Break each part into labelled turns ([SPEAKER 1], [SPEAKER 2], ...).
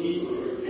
[SPEAKER 1] qui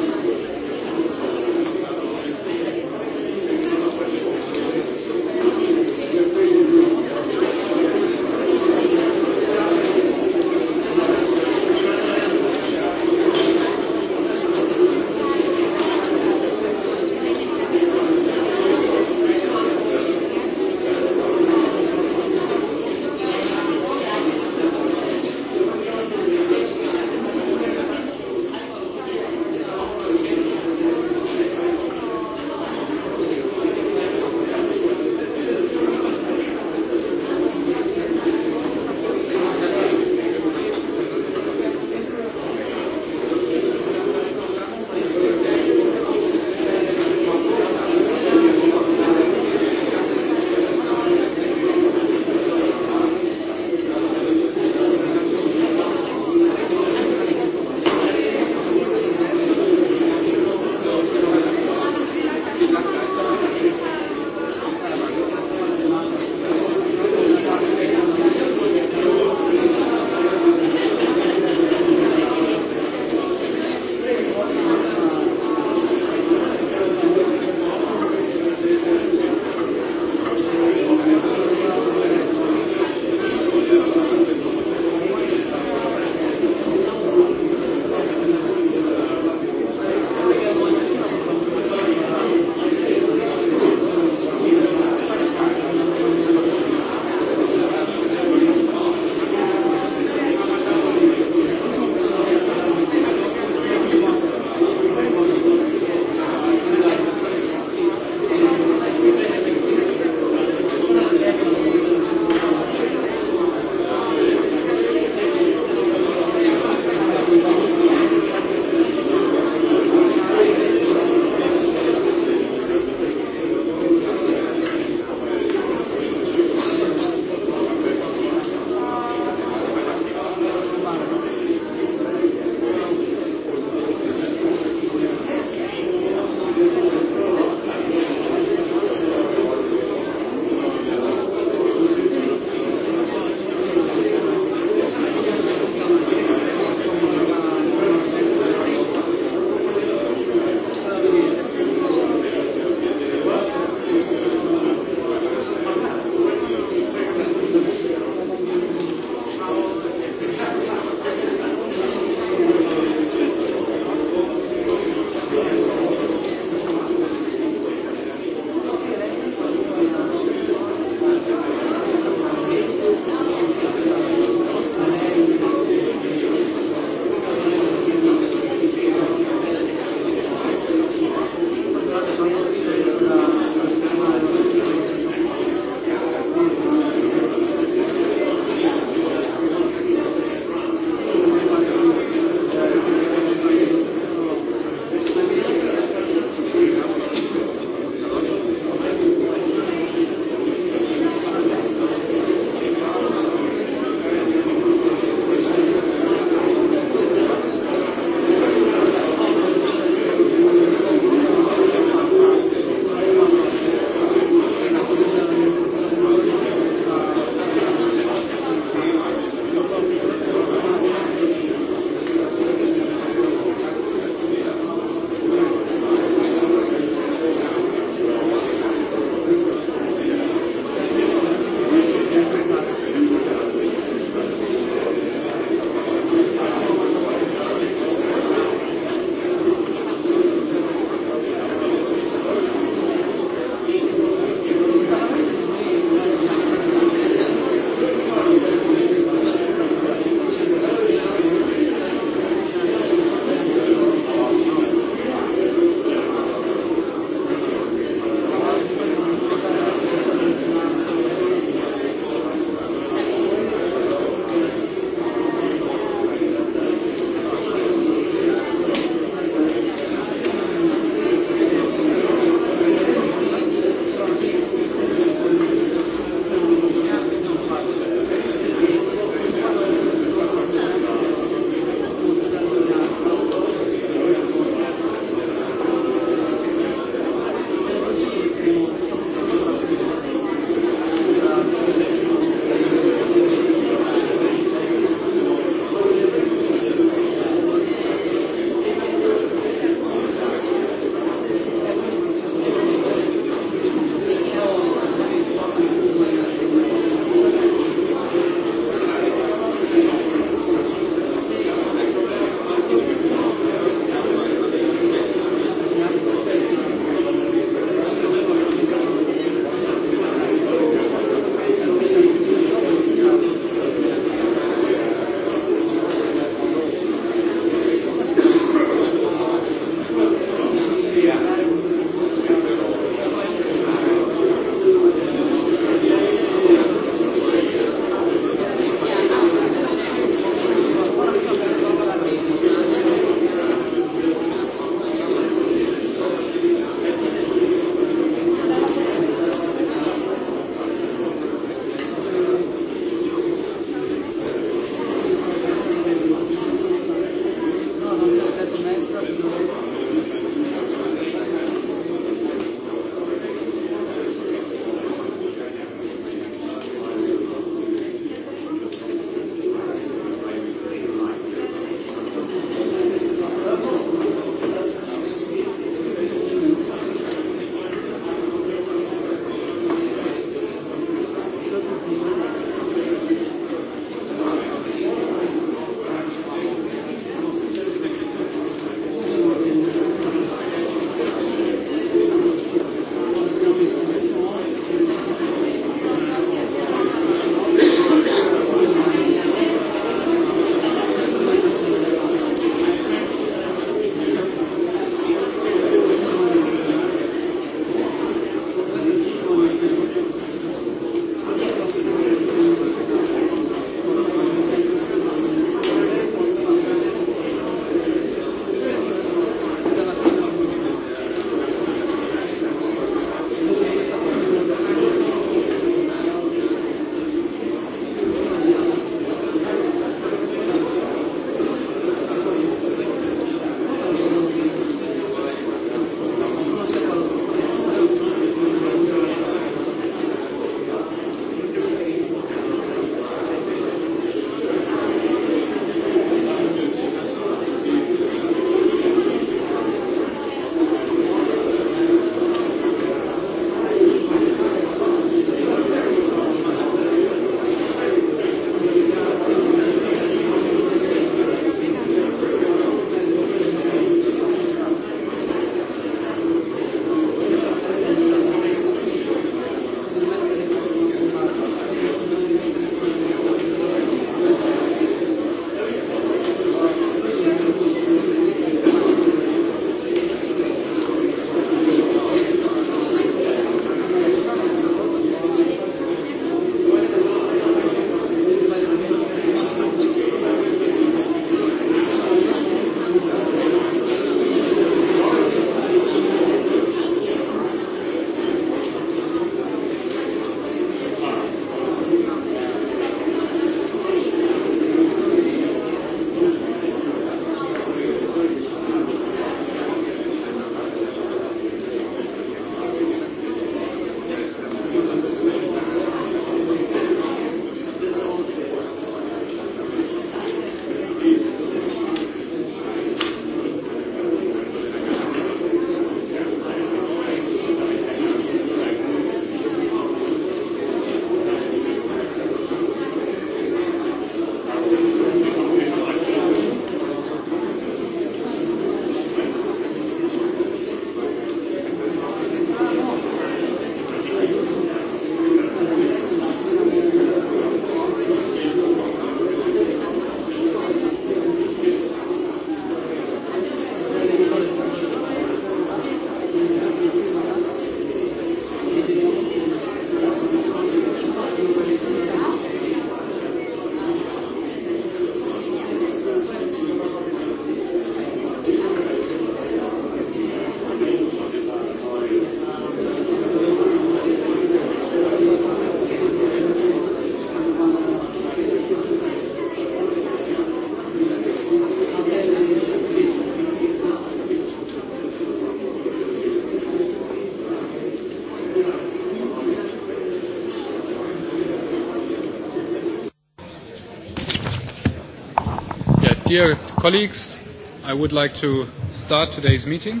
[SPEAKER 2] Dear colleagues, I would like to start today's meeting.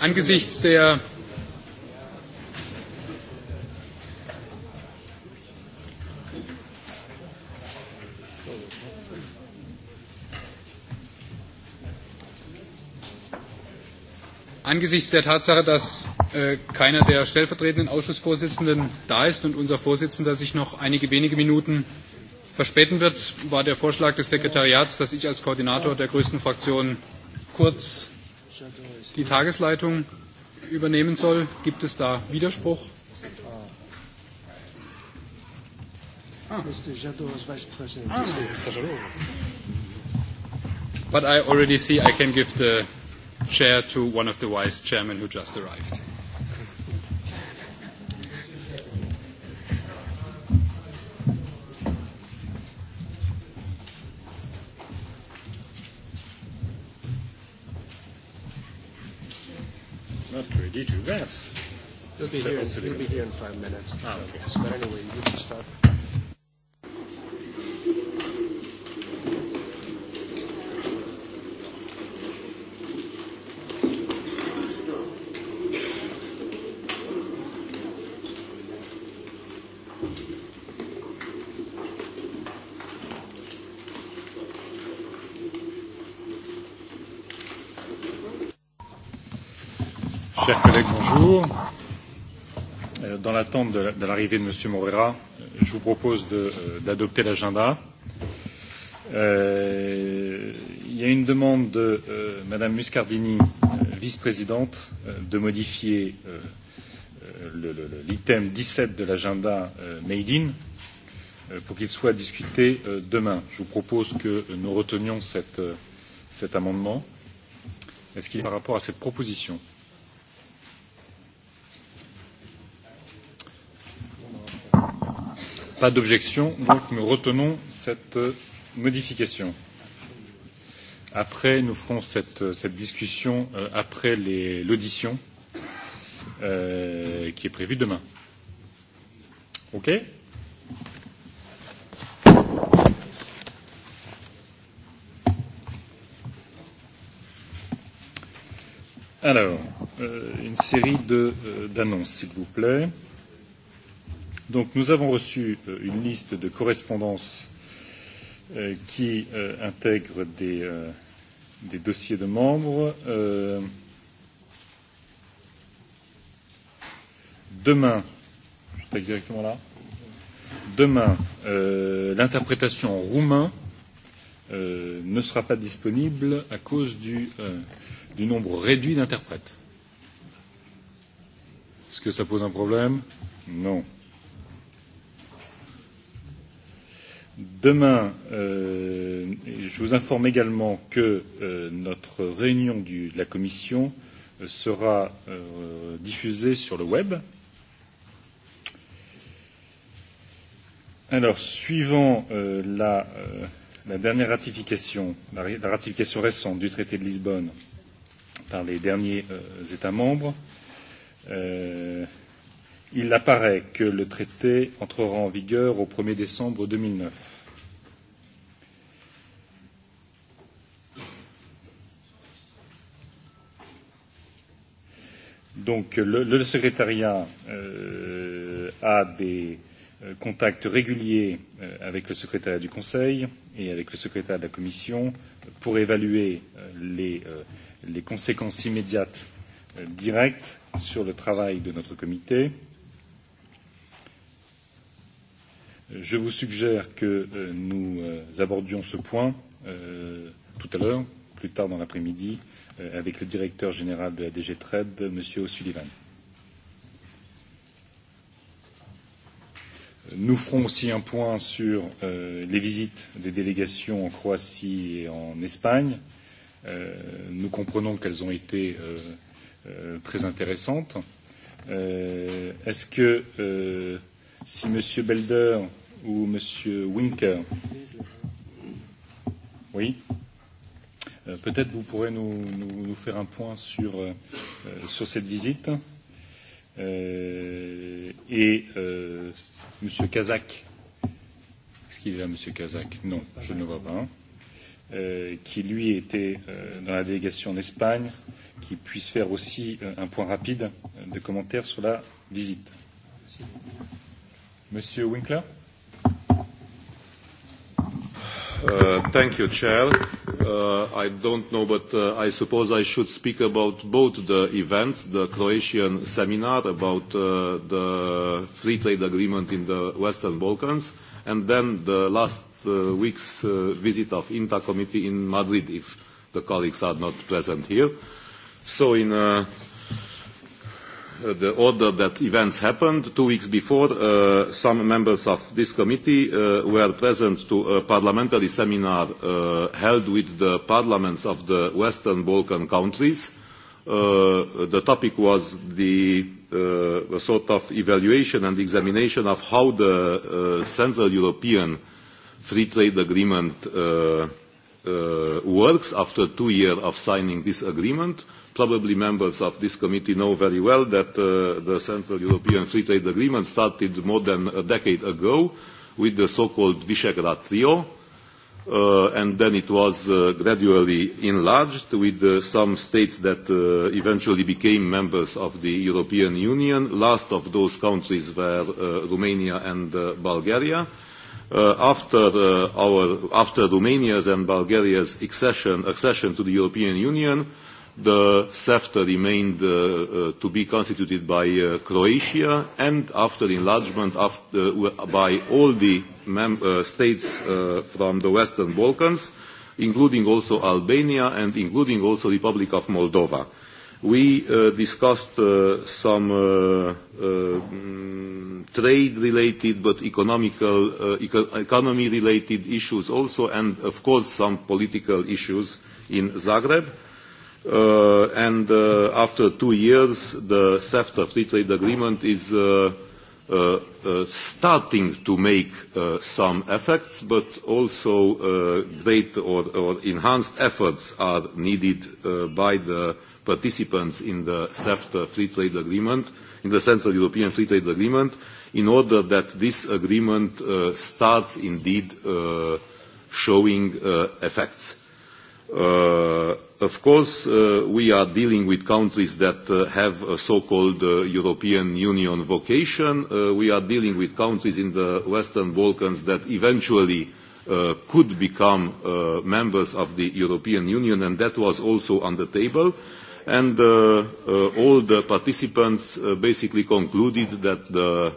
[SPEAKER 2] Angesichts der Angesichts der Tatsache, dass keiner der stellvertretenden Ausschussvorsitzenden da ist und unser Vorsitzender sich noch einige wenige Minuten verspäten wird, war der Vorschlag des Sekretariats, dass ich als Koordinator der größten Fraktion kurz die Tagesleitung übernehmen soll. Gibt es da Widerspruch? But I already see I can give the chair to one of the vice chairmen who just arrived.
[SPEAKER 3] you do that?
[SPEAKER 4] be, here, in five minutes. Ah, okay. But anyway, you can start.
[SPEAKER 3] l'attente de l'arrivée de M. Moreira, je vous propose d'adopter l'agenda. Il y a une demande de Mme Muscardini, vice-présidente, de modifier l'item dix sept de l'agenda Made in pour qu'il soit discuté demain. Je vous propose que nous retenions cet amendement. Est-ce qu'il est par rapport à cette proposition Pas d'objection, donc nous retenons cette modification. Après, nous ferons cette, cette discussion euh, après l'audition euh, qui est prévue demain. OK Alors, euh, une série d'annonces, euh, s'il vous plaît. Donc nous avons reçu une liste de correspondances qui intègre des, des dossiers de membres. demain, pas exactement là, demain, l'interprétation en roumain ne sera pas disponible à cause du, du nombre réduit d'interprètes. Est-ce que ça pose un problème Non. Demain, je vous informe également que notre réunion de la commission sera diffusée sur le web. Alors, suivant la, dernière ratification, la, ratification récente du traité de Lisbonne par les derniers États membres, il apparaît que le traité entrera en vigueur au 1er décembre 2009. Donc le, le secrétariat euh, a des contacts réguliers avec le secrétariat du Conseil et avec le secrétariat de la Commission pour évaluer les, les conséquences immédiates directes sur le travail de notre comité euh, Je vous suggère que nous abordions ce point tout à l'heure, plus tard dans l'après-midi, avec le directeur général de la DG Trade, M. O'Sullivan. Nous ferons aussi un point sur les visites des délégations en Croatie et en Espagne. nous comprenons qu'elles ont été très intéressantes. Est-ce que si M. Belder ou M. Winker. Oui Peut-être vous pourrez nous, nous, nous faire un point sur, euh, sur cette visite. Euh, et euh, M. Kazak, est-ce qu'il est là, M. Kazak Non, je ne le vois pas. Euh, qui lui était euh, dans la délégation en Espagne, qui puisse faire aussi euh, un point rapide de commentaires sur
[SPEAKER 5] la visite. Merci. Monsieur Winkler. Thank you, Chair. I don't know, but I suppose I should speak about both the events, the Croatian seminar about the free trade agreement in the Western Balkans, and then the last week's visit of INTA committee in Madrid, if the colleagues are not present here. So in uh the order that events happened. Two weeks before, some members of this committee were present to a parliamentary seminar held with the parliaments of the Western Balkan countries. the topic was the sort of evaluation and examination of how the Central European Free Trade Agreement works after two years of signing this agreement probably members of this committee know very well that uh, the Central European Free Trade Agreement started more than a decade ago with the so-called Visegrad Trio, uh, and then it was uh, gradually enlarged with uh, some states that uh, eventually became members of the European Union. Last of those countries were uh, Romania and uh, Bulgaria. Uh, after, uh, our, after Romania's and Bulgaria's accession, accession to the European Union, the SEFTA remained uh, uh, to be constituted by uh, Croatia and after enlargement after, uh, by all the mem- uh, states uh, from the Western Balkans, including also Albania and including also the Republic of Moldova. We uh, discussed uh, some uh, uh, trade-related but economical, uh, eco- economy-related issues also and of course some political issues in Zagreb and after two years, the CEFTA free trade agreement is starting to make some effects, but also great or, enhanced efforts are needed by the participants in the CEFTA free trade agreement, in the Central European Free Trade Agreement, in order that this agreement starts indeed showing effects. Of course, we are dealing with countries that have a so-called European Union vocation. we are dealing with countries in the Western Balkans that eventually could become members of the European Union, and that was also on the table. And all the participants basically concluded that the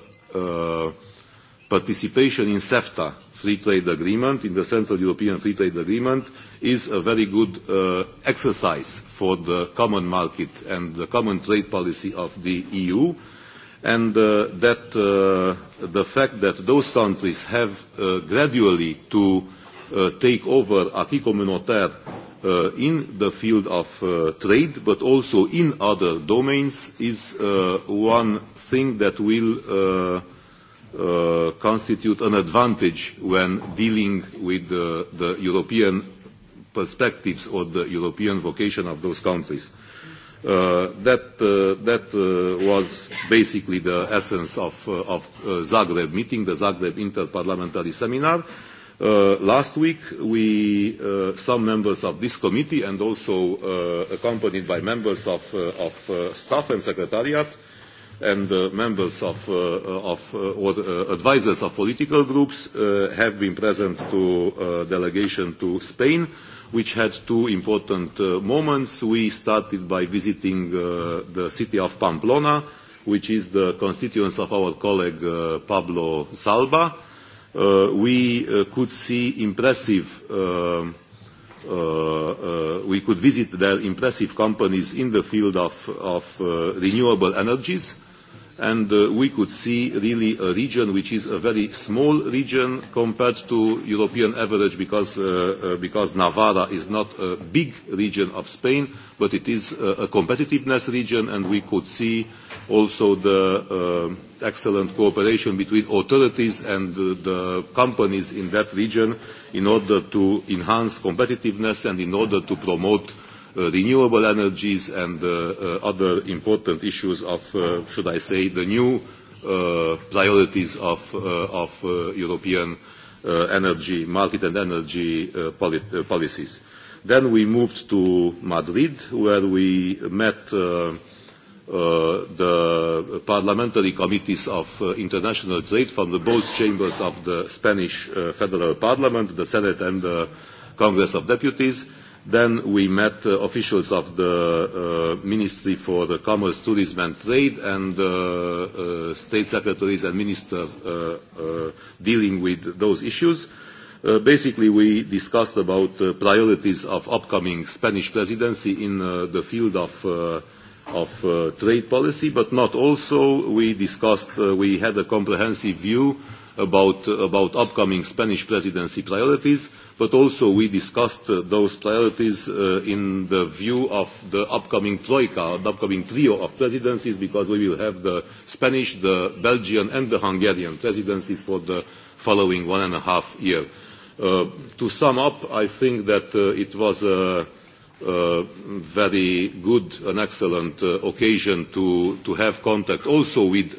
[SPEAKER 5] participation in CEFTA free trade agreement, in the Central European Free Trade Agreement, is a very good uh, exercise for the common market and the common trade policy of the EU, and uh, that uh, the fact that those countries have uh, gradually to uh, take over acquis communautaire uh, in the field of uh, trade, but also in other domains, is uh, one thing that will uh, constitute an advantage when dealing with the, the European perspectives or the European vocation of those countries. Uh, that uh, that uh, was basically the essence of, uh, of uh, Zagreb meeting, the Zagreb Interparliamentary Seminar. Uh, last week, we, uh, some members of this committee and also uh, accompanied by members of, uh, of uh, staff and secretariat, uh, and the members of, uh, of uh, or uh, advisors of political groups uh, have been present to uh, delegation to Spain, which had two important uh, moments. We started by visiting uh, the city of Pamplona, which is the constituents of our colleague uh, Pablo Salba. Uh, we uh, could see impressive uh, uh, we could visit their impressive companies in the field of, of uh, renewable energies and uh, we could see really a region which is a very small region compared to European average because, uh, uh, because Navarra is not a big region of Spain, but it is a, a competitiveness region and we could see also the uh, excellent cooperation between authorities and uh, the companies in that region in order to enhance competitiveness and in order to promote renewable energies and uh, uh, other important issues of, uh, should I say, the new uh, priorities of, uh, of uh, European uh, energy market and energy uh, poli uh, policies. Then we moved to Madrid, where we met uh, uh, the parliamentary committees of uh, international trade from the both chambers of the Spanish uh, federal parliament, the Senate and the Congress of Deputies, Then we met uh, officials of the uh, Ministry for the Commerce, Tourism and Trade and uh, uh, state secretaries and ministers uh, uh, dealing with those issues. Uh, basically, we discussed about uh, priorities of upcoming Spanish presidency in uh, the field of uh, of uh, trade policy, but not also. We discussed, uh, we had a comprehensive view about, about upcoming Spanish presidency priorities, but also we discussed those priorities in the view of the upcoming troika, the upcoming trio of presidencies, because we will have the Spanish, the Belgian, and the Hungarian presidencies for the following one and a half year. to sum up, I think that it was a very good and excellent occasion to, have contact also with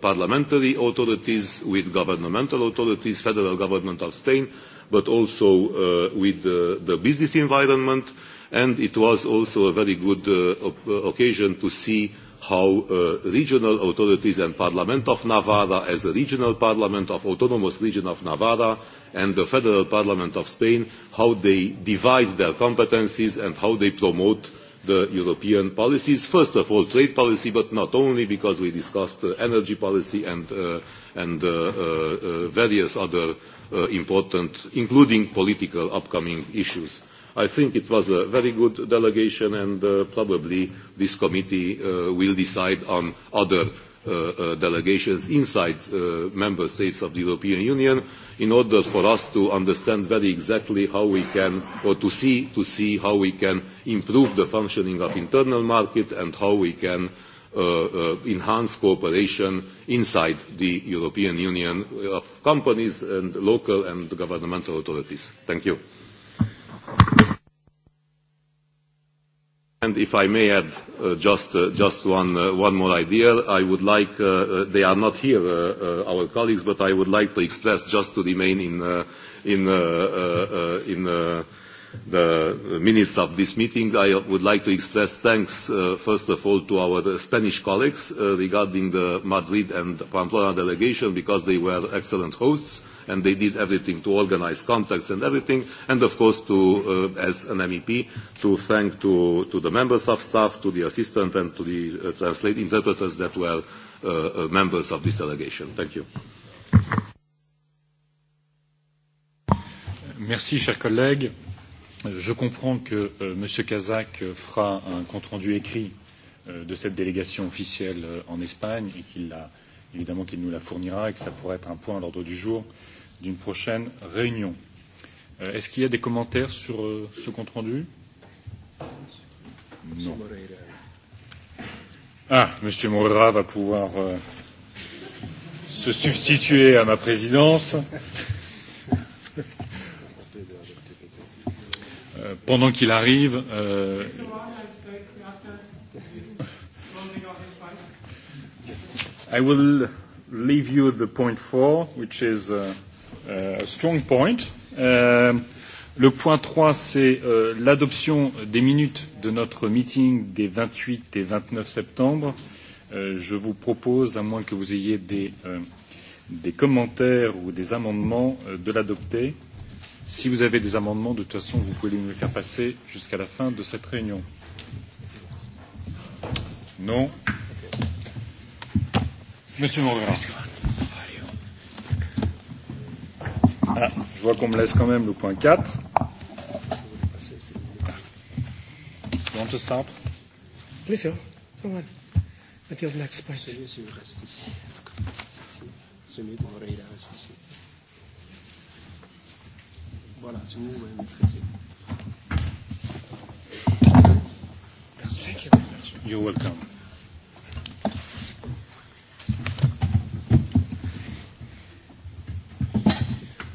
[SPEAKER 5] parliamentary authorities, with governmental authorities, federal government of Spain, but also uh, with the, the business environment. And it was also a very good uh, op- occasion to see how uh, regional authorities and Parliament of Navarra as a regional parliament of autonomous region of Navarra and the Federal Parliament of Spain, how they divide their competencies and how they promote the European policies. First of all, trade policy, but not only, because we discussed uh, energy policy and, uh, and uh, uh, various other uh, important, including political upcoming issues. I think it was a very good delegation, and uh, probably this committee uh, will decide on other uh, uh, delegations inside uh, member states of the European Union in order for us to understand very exactly how we can, or to see, to see how we can improve the functioning of internal market and how we can uh, enhanced cooperation inside the European Union of companies and local and governmental authorities. Thank you. And if I may add just one more idea, I would like, they are not here, our colleagues, but I would like to express just to remain in the minutes of this meeting, I would like to express thanks, uh, first of all, to our Spanish colleagues uh, regarding the Madrid and Pamplona delegation because they were excellent hosts and they did everything to organize contacts and everything. And of course, to, uh, as an MEP, to thank to, to the members of staff, to the assistant, and to the uh, translate interpreters that were uh, uh, members of this delegation. Thank you.
[SPEAKER 3] Merci, chers collègues. Je comprends que euh, M. Kazak fera un compte-rendu écrit euh, de cette délégation officielle euh, en Espagne et qu'il l'a évidemment qu'il nous la fournira et que ça pourrait être un point à l'ordre du jour d'une prochaine réunion. Euh, Est-ce qu'il y a des commentaires sur euh, ce compte-rendu Non. Ah, M. Moreira va pouvoir euh, se substituer à ma présidence. pendant qu'il arrive. Euh, I will leave you the point four, which is a, a strong point. Euh, le point 3, c'est euh, l'adoption des minutes de notre meeting des 28 et 29 septembre. Euh, je vous propose, à moins que vous ayez des, euh, des commentaires ou des amendements, euh, de l'adopter. Si vous avez des amendements, de toute façon, vous pouvez nous les faire passer jusqu'à la fin de cette réunion. Non Monsieur Morgan. Ah, je vois qu'on me laisse quand même le point 4. You want to start?
[SPEAKER 6] Please, sir. Go on. At your next point. Celui-ci reste ici. Celui de Moreira reste ici. Voilà, si vous allez maîtriser. You're welcome.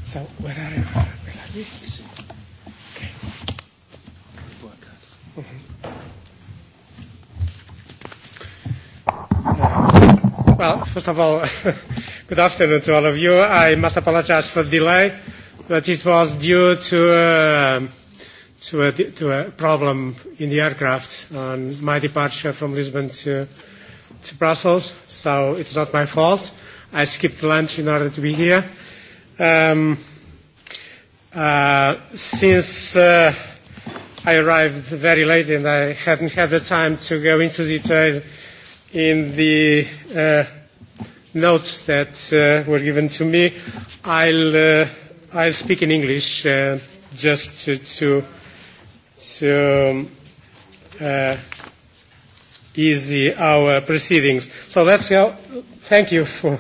[SPEAKER 6] So, where are you? Where are you? Ici. Okay. well, first of all, good afternoon to all of you. I must apologize for the delay but it was due to uh, to a, to a problem in the aircraft on my departure from Lisbon to, to Brussels, so it's not my fault. I skipped lunch in order to be here. Um, uh, since uh, I arrived very late and I hadn't had the time to go into detail in the uh, notes that uh, were given to me, I'll uh, I speak in English uh, just to, to, to uh, easy our proceedings. So that's how, thank you for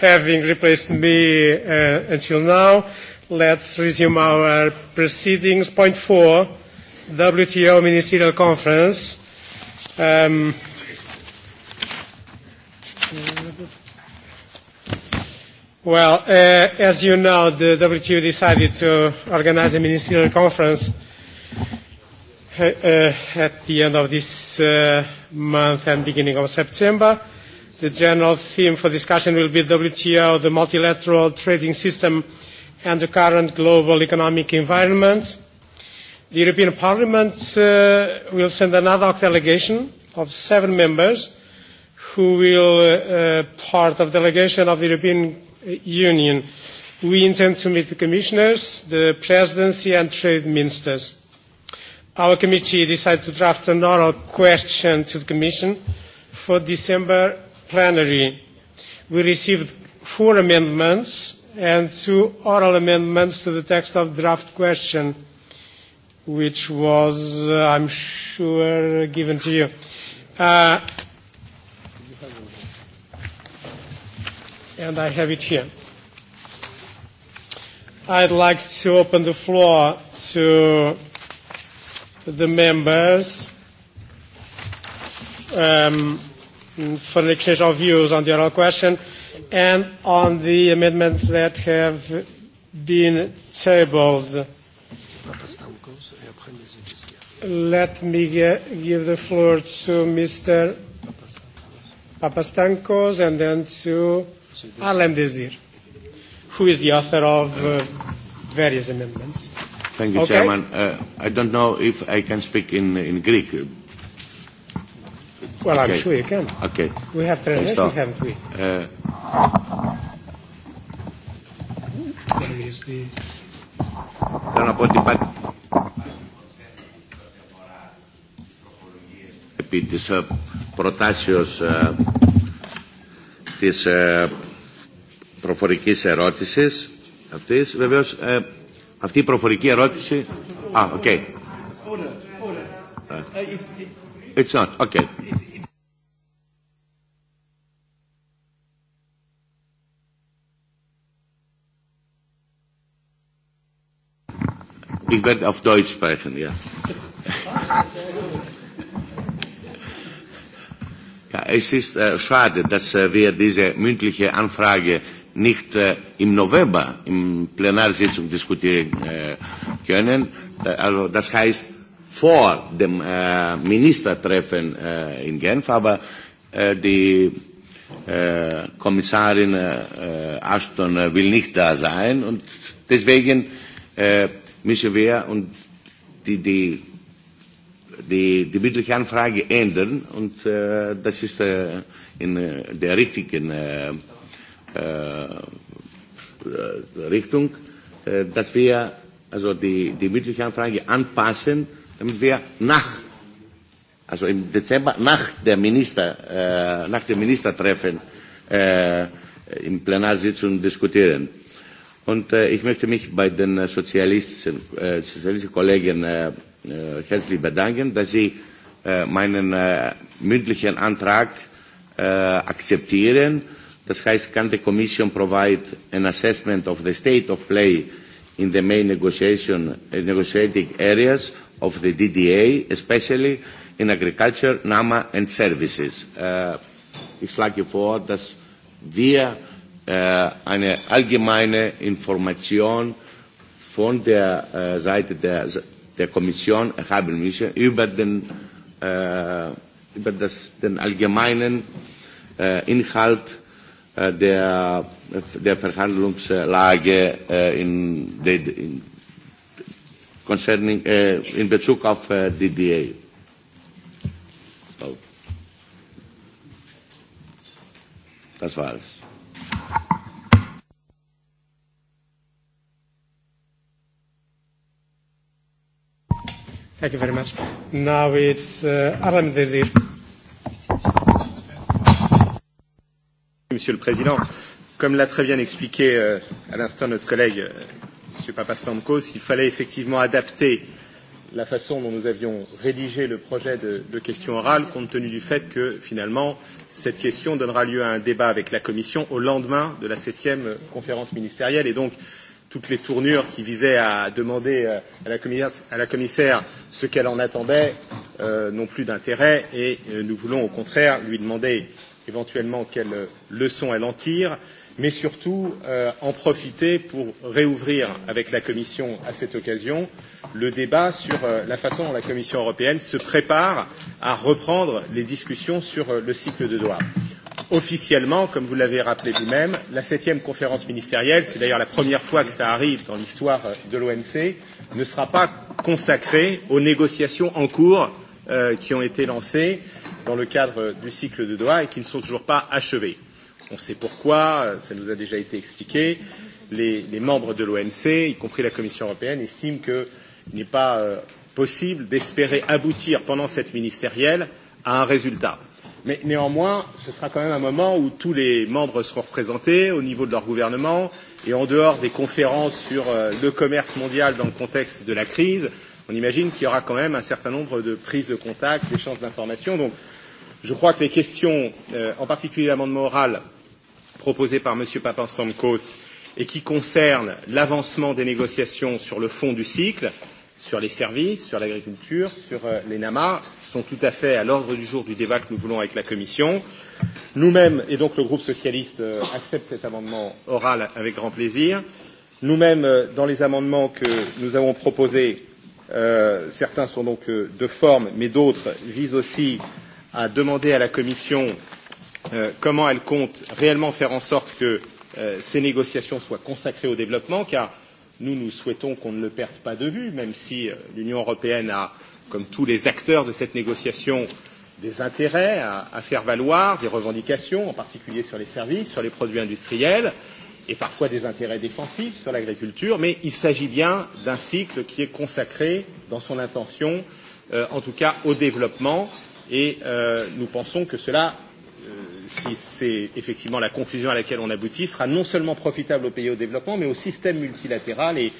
[SPEAKER 6] having replaced me uh, until now. Let's resume our proceedings. Point four, WTO Ministerial Conference. Um, Well, uh, as you know, the WTO decided to organize a ministerial conference uh, at the end of this uh, month and beginning of September. The general theme for discussion will be WTO, the multilateral trading system, and the current global economic environment. The European Parliament uh, will send another hoc delegation of seven members who will uh, part of delegation of the European Union. We intend to meet the commissioners, the presidency and trade ministers. Our committee decided to draft an oral question to the commission for December plenary. We received four amendments and two oral amendments to the text of draft question, which was, uh, I'm sure, given to you. Uh, and I have it here. I'd like to open the floor to the members um, for an exchange of views on the oral question and on the amendments that have been tabled. Let me give the floor to Mr. Papastankos and then to Alan Desir, who is the author of uh, various amendments.
[SPEAKER 7] Thank you, okay. Chairman. Uh, I don't know if I can speak in, in Greek.
[SPEAKER 6] Well, okay. I'm sure you can.
[SPEAKER 7] Okay. We have translation, haven't we? Uh, Θέλω να πω ότι επί της προτάσεως της προφορικής ερώτησης αυτής. Βεβαίως ε, αυτή η προφορική ερώτηση... Α, οκ. Okay. It's not, okay. Ich werde auf Deutsch sprechen, ja. Ja, es ist äh, schade, dass äh, wir diese mündliche Anfrage nicht äh, im November im Plenarsitzung diskutieren äh, können. Also das heißt vor dem äh, Ministertreffen äh, in Genf, aber äh, die äh, Kommissarin äh, Ashton äh, will nicht da sein und deswegen äh, müssen wir und die, die, die, die mündliche Anfrage ändern und äh, das ist äh, in der richtigen äh, Richtung, dass wir also die, die mündliche Anfrage anpassen, damit wir nach, also im Dezember nach der Minister, äh, nach dem Ministertreffen äh, im Plenarsitzung diskutieren. Und äh, ich möchte mich bei den sozialistischen, äh, sozialistischen Kollegen äh, herzlich bedanken, dass sie äh, meinen äh, mündlichen Antrag äh, akzeptieren Das heißt, kann the Commission provide an assessment of the state of play in the main negotiation, uh, negotiating areas of the DDA, especially in agriculture, NAMA and services. Uh, ich schlage vor, dass wir äh, eine allgemeine Information von der äh, Seite der, der Kommission haben müssen über den, über das, den allgemeinen äh, Inhalt der, der Verhandlungslage äh, in, de, in, concerning, äh, in Bezug auf äh, DA. So. Das war es.
[SPEAKER 6] Thank you very much. Now it's uh, Aram Desir.
[SPEAKER 8] Monsieur le Président, comme l'a très bien expliqué euh, à l'instant notre collègue euh, M. Papastamkos, il fallait effectivement adapter la façon dont nous avions rédigé le projet de, de question orale, compte tenu du fait que, finalement, cette question donnera lieu à un débat avec la Commission au lendemain de la septième conférence ministérielle. Et donc, toutes les tournures qui visaient à demander à la commissaire, à la commissaire ce qu'elle en attendait euh, n'ont plus d'intérêt. Et euh, nous voulons, au contraire, lui demander euh, éventuellement quelles leçons elle en tire, mais surtout euh, en profiter pour réouvrir avec la Commission à cette occasion le débat sur euh, la façon dont la Commission européenne se prépare à reprendre les discussions sur euh, le cycle de Doha. Officiellement, comme vous l'avez rappelé vous-même, la septième conférence ministérielle, c'est d'ailleurs la première fois que ça arrive dans l'histoire de l'OMC, ne sera pas consacrée aux négociations en cours euh, qui ont été lancées dans le cadre du cycle de Doha et qui ne sont toujours pas achevés. On sait pourquoi, ça nous a déjà été expliqué. Les, les membres de l'OMC, y compris la Commission européenne, estiment qu'il n'est pas possible d'espérer aboutir pendant cette ministérielle à un résultat. Mais néanmoins, ce sera quand même un moment où tous les membres seront représentés au niveau de leur gouvernement et en dehors des conférences sur le commerce mondial dans le contexte de la crise, on imagine qu'il y aura quand même un certain nombre de prises de contact, d'échanges d'informations. Donc Je crois que les questions, euh, en particulier l'amendement oral proposé par M. Papastamkos et qui concerne l'avancement des négociations sur le fond du cycle, sur les services, sur l'agriculture, sur euh, NAMA, sont tout à fait à l'ordre du jour du débat que nous voulons avec la Commission. Nous-mêmes, et donc le groupe socialiste euh, accepte cet amendement oral avec grand plaisir, nous-mêmes, euh, dans les amendements que nous avons proposés, euh, certains sont donc euh, de forme, mais d'autres visent aussi à demander à la Commission comment elle compte réellement faire en sorte que ces négociations soient consacrées au développement, car nous, nous souhaitons qu'on ne le perde pas de vue, même si l'Union européenne a, comme tous les acteurs de cette négociation, des intérêts à, à faire valoir, des revendications, en particulier sur les services, sur les produits industriels, et parfois des intérêts défensifs sur l'agriculture, mais il s'agit bien d'un cycle qui est consacré, dans son intention, euh, en tout cas au développement, Et euh, nous pensons que cela, euh, si c'est effectivement la conclusion à laquelle on aboutit, sera non seulement profitable aux pays au développement, mais au système multilatéral et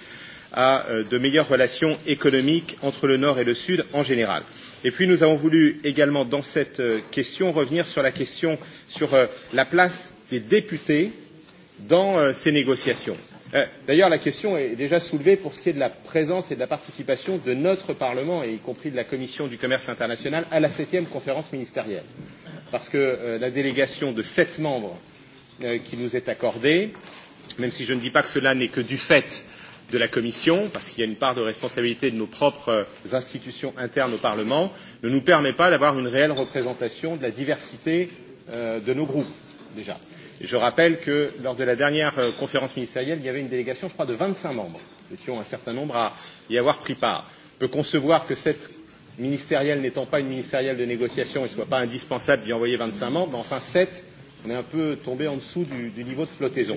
[SPEAKER 8] à euh, de meilleures relations économiques entre le Nord et le Sud en général. Et puis nous avons voulu également dans cette question revenir sur la question sur euh, la place des députés dans euh, ces négociations D'ailleurs, la question est déjà soulevée pour ce qui est de la présence et de la participation de notre Parlement, et y compris de la Commission du commerce international, à la septième conférence ministérielle. Parce que euh, la délégation de sept membres euh, qui nous est accordée, même si je ne dis pas que cela n'est que du fait de la Commission, parce qu'il y a une part de responsabilité de nos propres institutions internes au Parlement, ne nous permet pas d'avoir une réelle représentation de la diversité euh, de nos groupes, déjà. Je rappelle que lors de la dernière conférence ministérielle, il y avait une délégation, je crois, de 25 membres. Nous étions un certain nombre à y avoir pris part. On peut concevoir que cette ministérielle n'étant pas une ministérielle de négociation, il ne soit pas indispensable d'y envoyer 25 membres, mais enfin 7, on est un peu tombé en dessous du, du niveau de flottaison.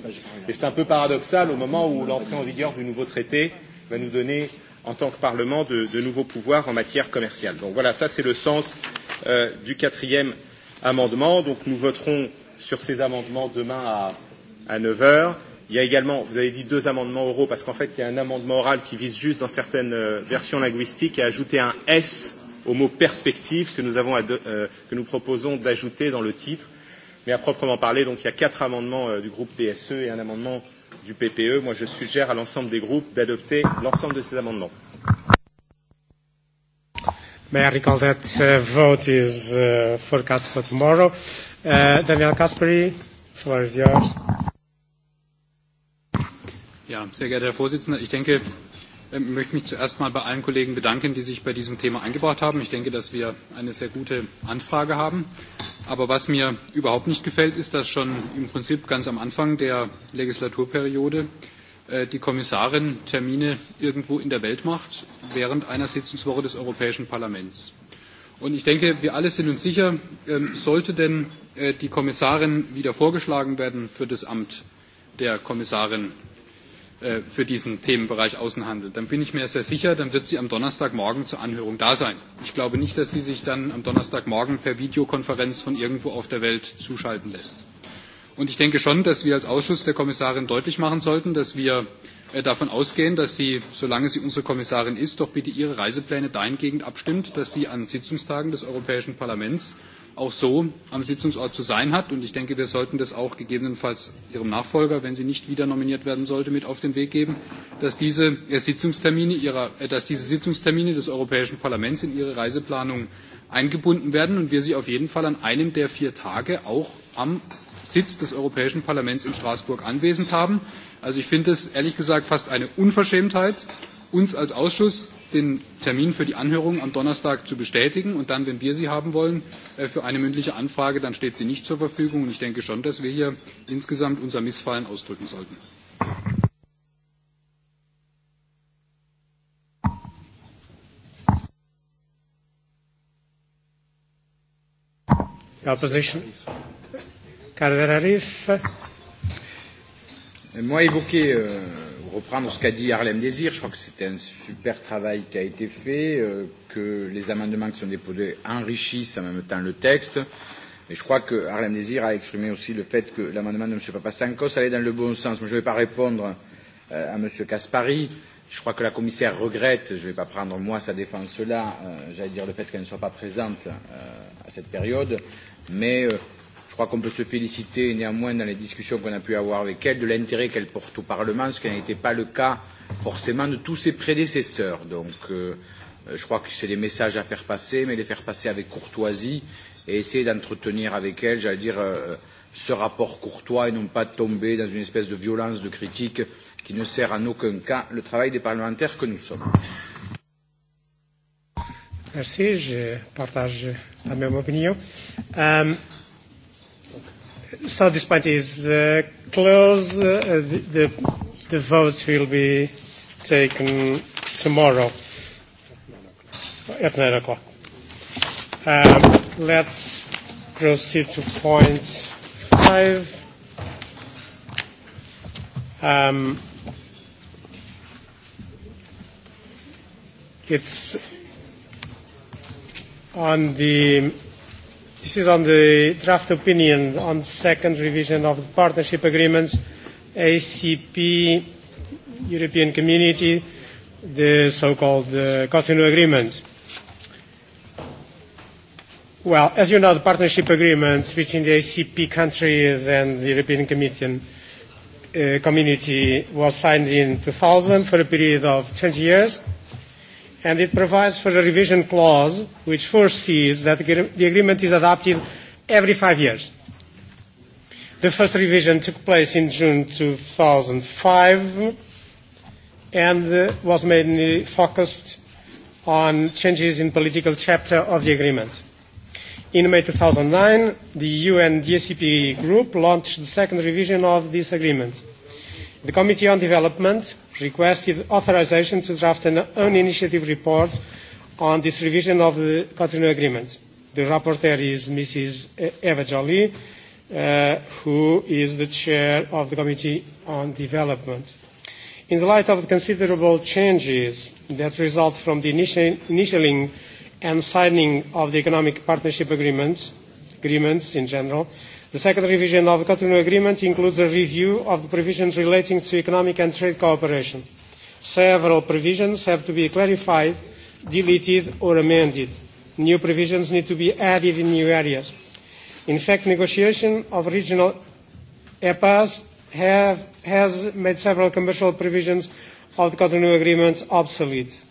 [SPEAKER 8] Et c'est un peu paradoxal au moment où l'entrée en vigueur du nouveau traité va nous donner, en tant que Parlement, de, de nouveaux pouvoirs en matière commerciale. Donc voilà, ça c'est le sens euh, du quatrième amendement. Donc nous voterons sur ces amendements demain à, à 9h. Il y a également, vous avez dit deux amendements oraux, parce qu'en fait, il y a un amendement oral qui vise juste dans certaines versions linguistiques à ajouter un S au mot perspective que nous, avons euh, que nous proposons d'ajouter dans le titre. Mais à proprement parler, donc, il y a quatre amendements euh, du groupe PSE et un amendement du PPE. Moi, je suggère à l'ensemble des groupes d'adopter l'ensemble de ces amendements.
[SPEAKER 6] May I recall that uh, vote is uh, forecast for tomorrow. Daniel Caspary. floor is yours.
[SPEAKER 2] Ja, sehr geehrter Herr Vorsitzender, ich denke, ich möchte mich zuerst mal bei allen Kollegen bedanken, die sich bei diesem Thema eingebracht haben. Ich denke, dass wir eine sehr gute Anfrage haben. Aber was mir überhaupt nicht gefällt, ist, dass schon im Prinzip ganz am Anfang der Legislaturperiode die Kommissarin Termine irgendwo in der Welt macht, während einer Sitzungswoche des Europäischen Parlaments. Und ich denke, wir alle sind uns sicher, sollte denn die Kommissarin wieder vorgeschlagen werden für das Amt der Kommissarin für diesen Themenbereich Außenhandel, dann bin ich mir sehr sicher, dann wird sie am Donnerstagmorgen zur Anhörung da sein. Ich glaube nicht, dass sie sich dann am Donnerstagmorgen per Videokonferenz von irgendwo auf der Welt zuschalten lässt. Und ich denke schon, dass wir als Ausschuss der Kommissarin deutlich machen sollten, dass wir davon ausgehen, dass sie, solange sie unsere Kommissarin ist, doch bitte ihre Reisepläne dahingehend abstimmt, dass sie an Sitzungstagen des Europäischen Parlaments auch so am Sitzungsort zu sein hat. Und ich denke, wir sollten das auch gegebenenfalls Ihrem Nachfolger, wenn sie nicht wieder nominiert werden sollte, mit auf den Weg geben, dass diese Sitzungstermine des Europäischen Parlaments in ihre Reiseplanung eingebunden werden und wir sie auf jeden Fall an einem der vier Tage auch am Sitz des Europäischen Parlaments in Straßburg anwesend haben. Also ich finde es ehrlich gesagt fast eine Unverschämtheit, uns als Ausschuss den Termin für die Anhörung am Donnerstag zu bestätigen und dann, wenn wir sie haben wollen, für eine mündliche Anfrage, dann steht sie nicht zur Verfügung. Und ich denke schon, dass wir hier insgesamt unser Missfallen ausdrücken sollten.
[SPEAKER 6] Kader
[SPEAKER 9] Arif. Moi, évoquer, euh, reprendre ce qu'a dit Harlem Désir, je crois que c'était un super travail qui a été fait, euh, que les amendements qui sont déposés enrichissent en même temps le texte. Et je crois que Harlem Désir a exprimé aussi le fait que l'amendement de M. Papasankos allait dans le bon sens. Moi, je ne vais pas répondre euh, à M. Caspari. Je crois que la commissaire regrette, je ne vais pas prendre moi sa défense là, euh, j'allais dire le fait qu'elle ne soit pas présente euh, à cette période, mais euh, Je crois qu'on peut se féliciter néanmoins dans les discussions qu'on a pu avoir avec elle de l'intérêt qu'elle porte au Parlement, ce qui n'était pas le cas forcément de tous ses prédécesseurs. Donc euh, je crois que c'est des messages à faire passer, mais les faire passer avec courtoisie et essayer d'entretenir avec elle, j'allais dire, euh, ce rapport courtois et non pas tomber dans une espèce de violence de critique qui ne sert en aucun cas le travail des parlementaires que nous sommes.
[SPEAKER 6] Merci, je partage la même opinion. Euh, So despite is uh, closed. Uh, the, the votes will be taken tomorrow at 9 o'clock. Um, let's proceed to point five. Um, it's on the This is on the draft opinion on second revision of the partnership agreements, ACP, European Community, the so-called uh, Cotonou agreements. Well, as you know, the partnership agreements between the ACP countries and the European Commission uh, community was signed in 2000 for a period of 20 years and it provides for a revision clause which foresees that the agreement is adopted every five years. The first revision took place in June 2005 and was mainly focused on changes in political chapter of the agreement. In May 2009, the EU and the ACP group launched the second revision of this agreement. The Committee on Development requested authorization to draft an own initiative report on this revision of the Cotonou Agreement. The rapporteur is Mrs. Eva Joly, uh, who is the chair of the Committee on Development. In the light of the considerable changes that result from the initialing and signing of the economic partnership agreements, agreements in general, The second revision of the Cotonou Agreement includes a review of the provisions relating to economic and trade cooperation. Several provisions have to be clarified, deleted or amended. New provisions need to be added in new areas. In fact, negotiation of regional EPAs have, has made several commercial provisions of the Cotonou Agreement obsolete.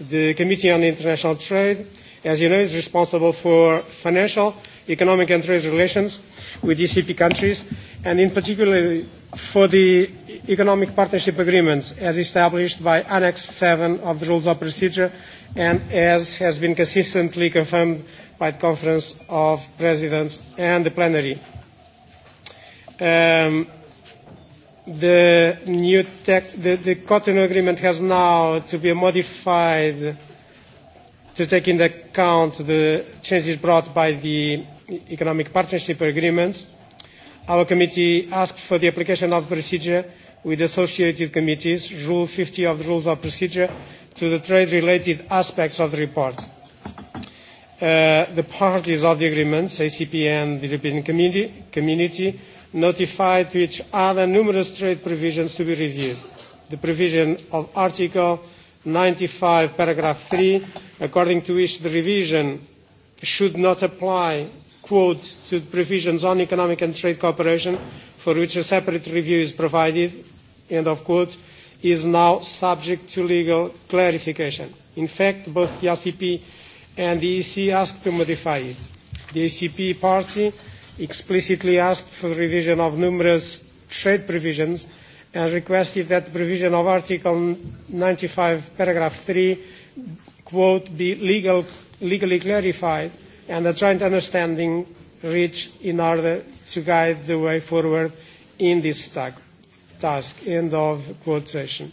[SPEAKER 6] The Committee on International Trade, as you know, is responsible for financial economic and trade relations with ECP countries, and in particular for the economic partnership agreements as established by Annex 7 of the Rules of Procedure and as has been consistently confirmed by the Conference of Presidents and the plenary. Um, the new tech, the, the Cotonou Agreement has now to be modified to take into account the changes brought by the Economic Partnership Agreements, our committee asked for the application of procedure with associated committees, Rule 50 of the Rules of Procedure, to the trade-related aspects of the report. Uh, the parties of the agreements, ACP and the European community, community, notified to each other numerous trade provisions to be reviewed. The provision of Article 95, paragraph 3, according to which the revision should not apply quote to the provisions on economic and trade cooperation, for which a separate review is provided, end of quote, is now subject to legal clarification. In fact, both the ACP and the EC asked to modify it. The ACP party explicitly asked for the revision of numerous trade provisions and requested that the provision of Article 95, paragraph 3, quote, be legal, legally clarified and a joint understanding reached in order to guide the way forward in this task. task. End of quotation.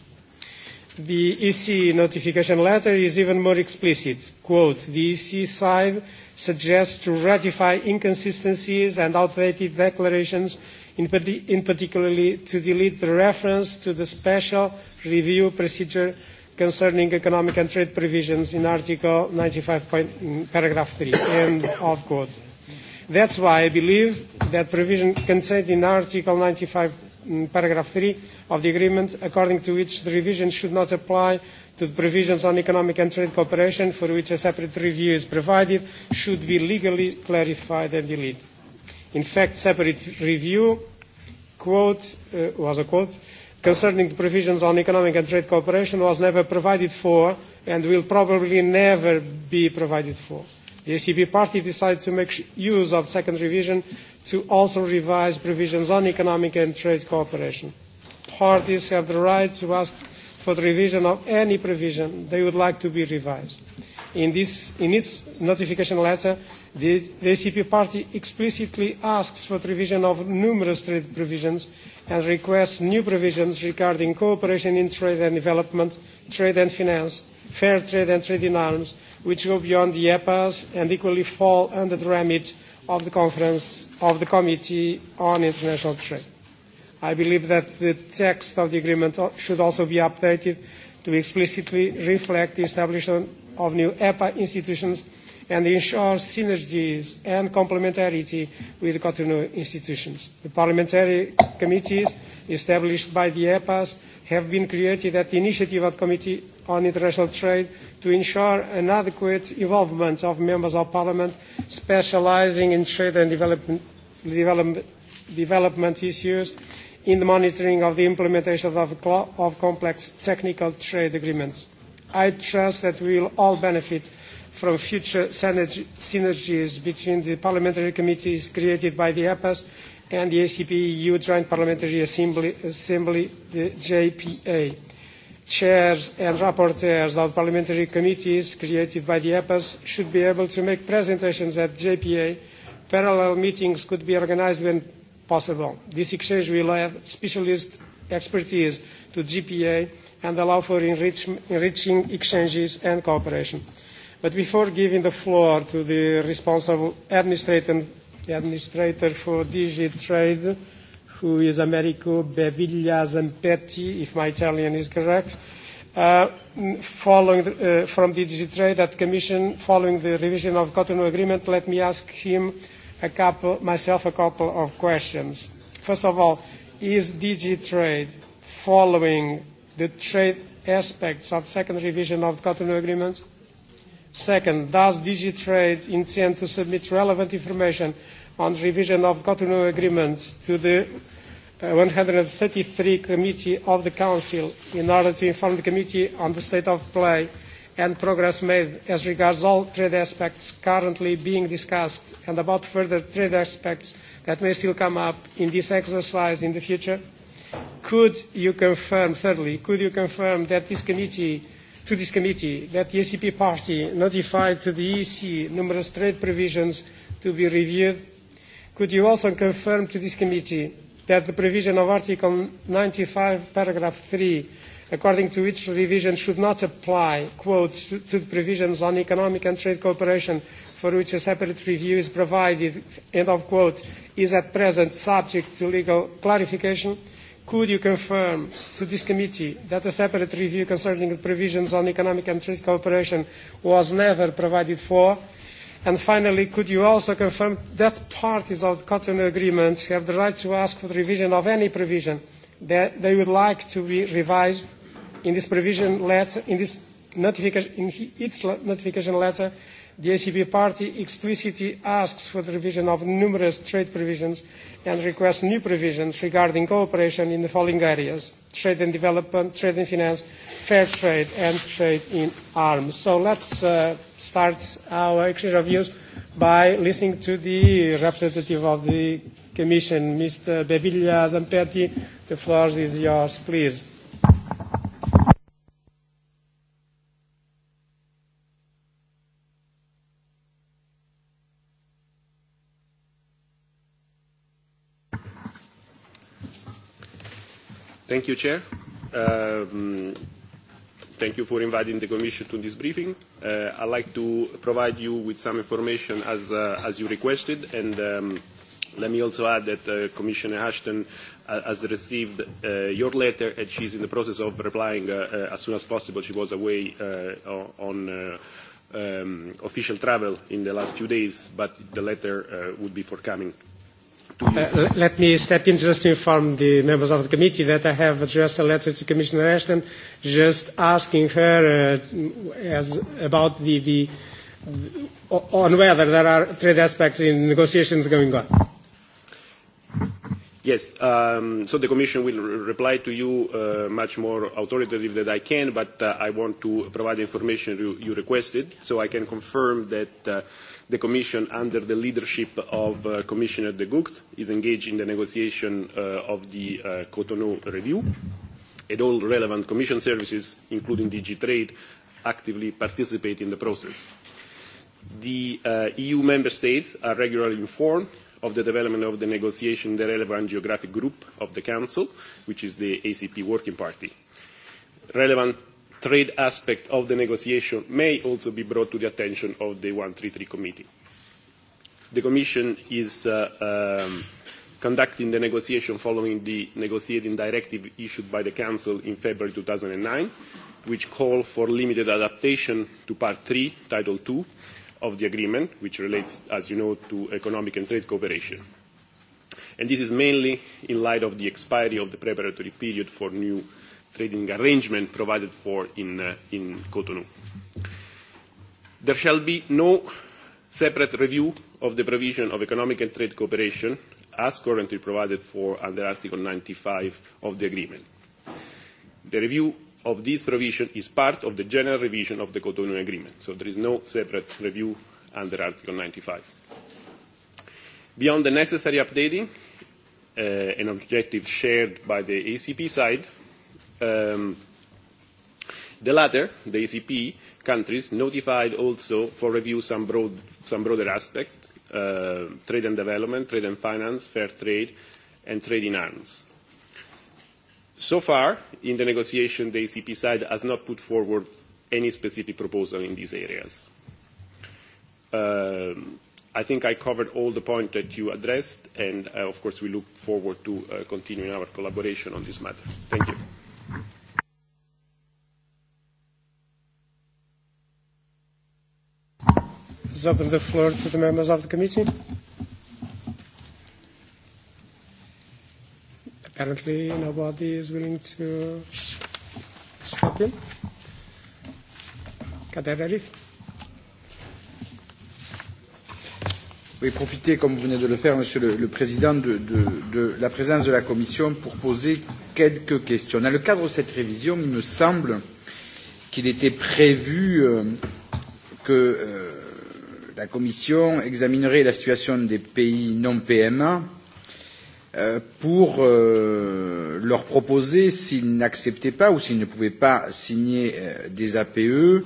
[SPEAKER 6] The EC notification letter is even more explicit. Quote, the EC side suggests to ratify inconsistencies and outdated declarations, in, in particularly to delete the reference to the special review procedure concerning economic and trade provisions in Article 95, point, paragraph 3, end of quote. That's why I believe that provision contained in Article 95, paragraph 3 of the agreement, according to which the revision should not apply to the provisions on economic and trade cooperation for which a separate review is provided, should be legally clarified and deleted. In fact, separate review, quote, uh, was a quote, concerning the provisions on economic and trade cooperation was never provided for and will probably never be provided for. The ACP party decided to make use of second revision to also revise provisions on economic and trade cooperation. Parties have the right to ask for the revision of any provision they would like to be revised. In, this, in its notification letter, the, the ACP party explicitly asks for the revision of numerous trade provisions and requests new provisions regarding cooperation in trade and development, trade and finance, fair trade and trade in arms, which go beyond the EPAs and equally fall under the remit of the conference of the Committee on International Trade. I believe that the text of the agreement should also be updated to explicitly reflect the establishment of new EPA institutions and ensure synergies and complementarity with Cotonou institutions. The parliamentary committees established by the EPAs have been created at the initiative of the Committee on International Trade to ensure an adequate involvement of members of parliament specialising in trade and development, development, development issues in the monitoring of the implementation of, of complex technical trade agreements. I trust that we will all benefit from future synergies between the parliamentary committees created by the EPAS and the ACP EU Joint Parliamentary Assembly, Assembly the JPA. Chairs and rapporteurs of parliamentary committees created by the EPAS should be able to make presentations at JPA. Parallel meetings could be organised when possible. This exchange will have specialist expertise to GPA and allow for enriching exchanges and cooperation. But before giving the floor to the responsible administrator, for DG Trade, who is Americo Beviglia Zampetti, if my Italian is correct, following the, from DG Trade at Commission, following the revision of the Cotonou Agreement, let me ask him a couple, myself a couple of questions. First of all, is DG Trade following the trade aspects of second revision of the Cotonou Agreement? Second, does DigiTrade intend to submit relevant information on the revision of the Cotonou Agreement to the 133 Committee of the Council in order to inform the committee on the state of play and progress made as regards all trade aspects currently being discussed and about further trade aspects that may still come up in this exercise in the future? Could you confirm, thirdly, could you confirm that this committee, to this committee, that the ACP party notified to the EC numerous trade provisions to be reviewed? Could you also confirm to this committee that the provision of Article 95, paragraph 3, according to which revision should not apply, quote, to the provisions on economic and trade cooperation for which a separate review is provided, end of quote, is at present subject to legal clarification? Could you confirm to this committee that a separate review concerning the provisions on economic and trade cooperation was never provided for? And finally, could you also confirm that parties of the Cotonou agreements have the right to ask for the revision of any provision that they would like to be revised in this provision letter, in this notification, in its notification letter, the ACB party explicitly asks for the revision of numerous trade provisions and request new provisions regarding cooperation in the following areas trade and development, trade and finance, fair trade, and trade in arms. So let's start our exchange of views by listening to the representative of the Commission, Mr. Bevilla Zampetti. The floor is yours, please.
[SPEAKER 10] Thank you, Chair. Um, thank you for inviting the Commission to this briefing. Uh, I'd like to provide you with some information as, uh, as you requested, and um, let me also add that uh, Commissioner Ashton uh, has received uh, your letter, and she's in the process of replying uh, uh, as soon as possible. She was away uh, on uh, um, official travel in the last few days, but the letter uh, would be forthcoming.
[SPEAKER 6] Let me step in just to inform the members of the committee that I have addressed a letter to Commissioner Ashton just asking her uh, as about the, the on whether there are trade aspects in negotiations going on. Yes.
[SPEAKER 10] so The Commission will reply to you much more authoritative than I can, but I want to provide the information you requested. so I can confirm that the Commission, under the leadership of Commissioner de Gucht, is engaged in the negotiation of the Cotonou review, and all relevant Commission services, including DG Trade, actively participate in the process. The EU member states are regularly informed of the development of the negotiation, the relevant geographic group of the Council, which is the ACP Working Party. Relevant trade aspect of the negotiation may also be brought to the attention of the 133 Committee. The Commission is uh, um, conducting the negotiation following the negotiating directive issued by the Council in February 2009, which called for limited adaptation to Part 3, Title 2, of the agreement, which relates, as you know, to economic and trade cooperation. And this is mainly in light of the expiry of the preparatory period for new trading arrangement provided for in, uh, in Cotonou. There shall be no separate review of the provision of economic and trade cooperation as currently provided for under Article 95 of the agreement. The review of this provision is part of the general revision of the Cotonou Agreement, so there is no separate review under Article 95. Beyond the necessary updating, uh, an objective shared by the ACP side, um, the latter, the ACP countries, notified also for review some, broad, some broader aspects, uh, trade and development, trade and finance, fair trade, and trade in arms So far, in the negotiation, the ACP side has not put forward any specific proposal in these areas. I think I covered all the points that you addressed, and of course, we look forward to continuing our collaboration on this matter. Thank you.
[SPEAKER 6] open the floor to the members of the committee. Apparently, nobody is willing to stop him. Kader
[SPEAKER 9] Oui, profiter, comme vous venez de le faire, Monsieur le, le Président, de, de, de la présence de la Commission pour poser quelques questions. Dans le cadre de cette révision, il me semble qu'il était prévu euh, que euh, la Commission examinerait la situation des pays non PMA euh, pour leur proposer, s'ils n'acceptaient pas ou s'ils ne pouvaient pas signer des APE,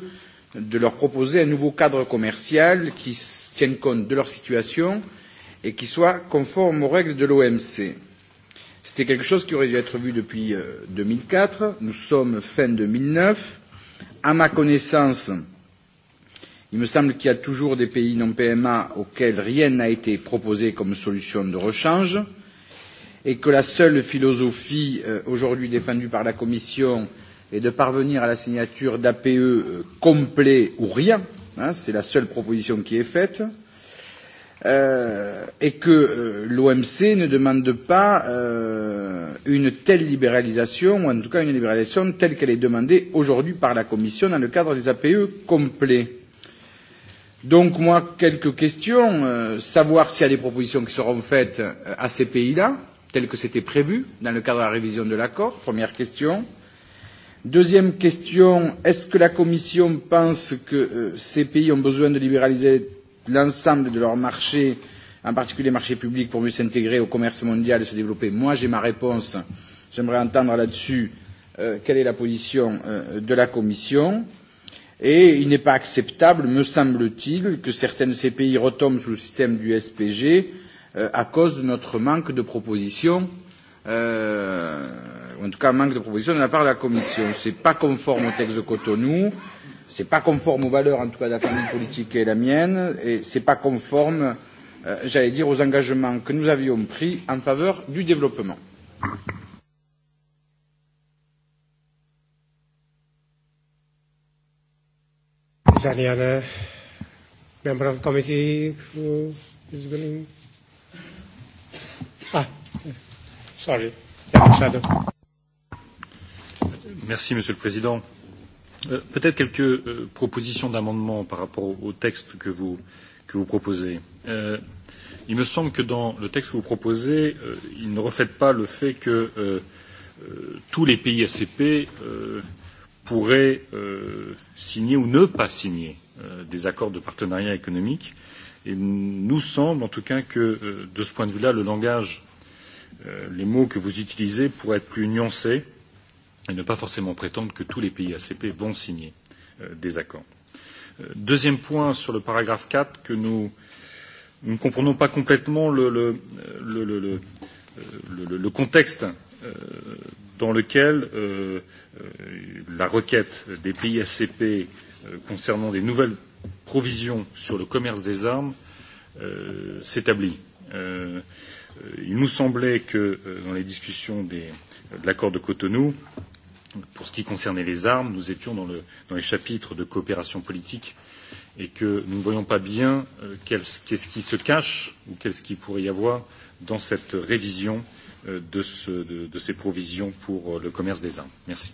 [SPEAKER 9] de leur proposer un nouveau cadre commercial qui tienne compte de leur situation et qui soit conforme aux règles de l'OMC. C'était quelque chose qui aurait dû être vu depuis deux mille quatre, Nous sommes fin deux mille neuf. À ma connaissance, il me semble qu'il y a toujours des pays non PMA auxquels rien n'a été proposé comme solution de rechange. Euh, et que la seule philosophie aujourd'hui défendue par la Commission est de parvenir à la signature d'APE complet ou rien, c'est la seule proposition qui est faite, et que l'OMC ne demande pas une telle libéralisation, ou en tout cas une libéralisation telle qu'elle est demandée aujourd'hui par la Commission dans le cadre des APE complets. Donc moi, quelques questions, savoir s'il y a des propositions qui seront faites à ces pays-là, tel que c'était prévu dans le cadre de la révision de l'accord Première question. Deuxième question, est-ce que la Commission pense que ces pays ont besoin de libéraliser l'ensemble de leur marché, en particulier les marchés publics, pour mieux s'intégrer au commerce mondial et se développer Moi, j'ai ma réponse. J'aimerais entendre là-dessus quelle est la position de la Commission. Et il n'est pas acceptable, me semble-t-il, que certains de ces pays retombent sous le système du SPG euh, à cause de notre manque de propositions, euh, en tout cas manque de propositions de la part de la Commission. Ce n'est pas conforme au texte de Cotonou, ce n'est pas conforme aux valeurs en tout cas de la famille politique et la mienne, et ce n'est pas conforme, euh, j'allais dire, aux engagements que nous avions pris en faveur du développement.
[SPEAKER 6] Zaniane, membre of committee who is willing Ah, sorry. Shadow.
[SPEAKER 3] Merci, Monsieur le Président. Peut-être quelques propositions d'amendement par rapport au texte que vous, que vous proposez. il me semble que dans le texte que vous proposez, il ne reflète pas le fait que tous les pays ACP pourraient signer ou ne pas signer des accords de partenariat économique. Il nous semble en tout cas que, de ce point de vue-là, le langage les mots que vous utilisez pour être plus nuancés et ne pas forcément prétendre que tous les pays ACP vont signer des accords. Deuxième point sur le paragraphe 4 que nous ne comprenons pas complètement le, le, le, le, le, le, le contexte dans lequel euh, la requête des pays ACP euh, concernant des nouvelles provisions sur le commerce des armes euh, s'établit. Euh, il nous semblait que dans les discussions des, de l'accord de Cotonou, pour ce qui concernait les armes, nous étions dans, le, dans les chapitres de coopération politique et que nous ne voyons pas bien euh, qu'est-ce qu qui se cache ou qu'est-ce qui pourrait y avoir dans cette révision euh, de, ce, de, de ces provisions pour euh, le commerce des armes. Merci.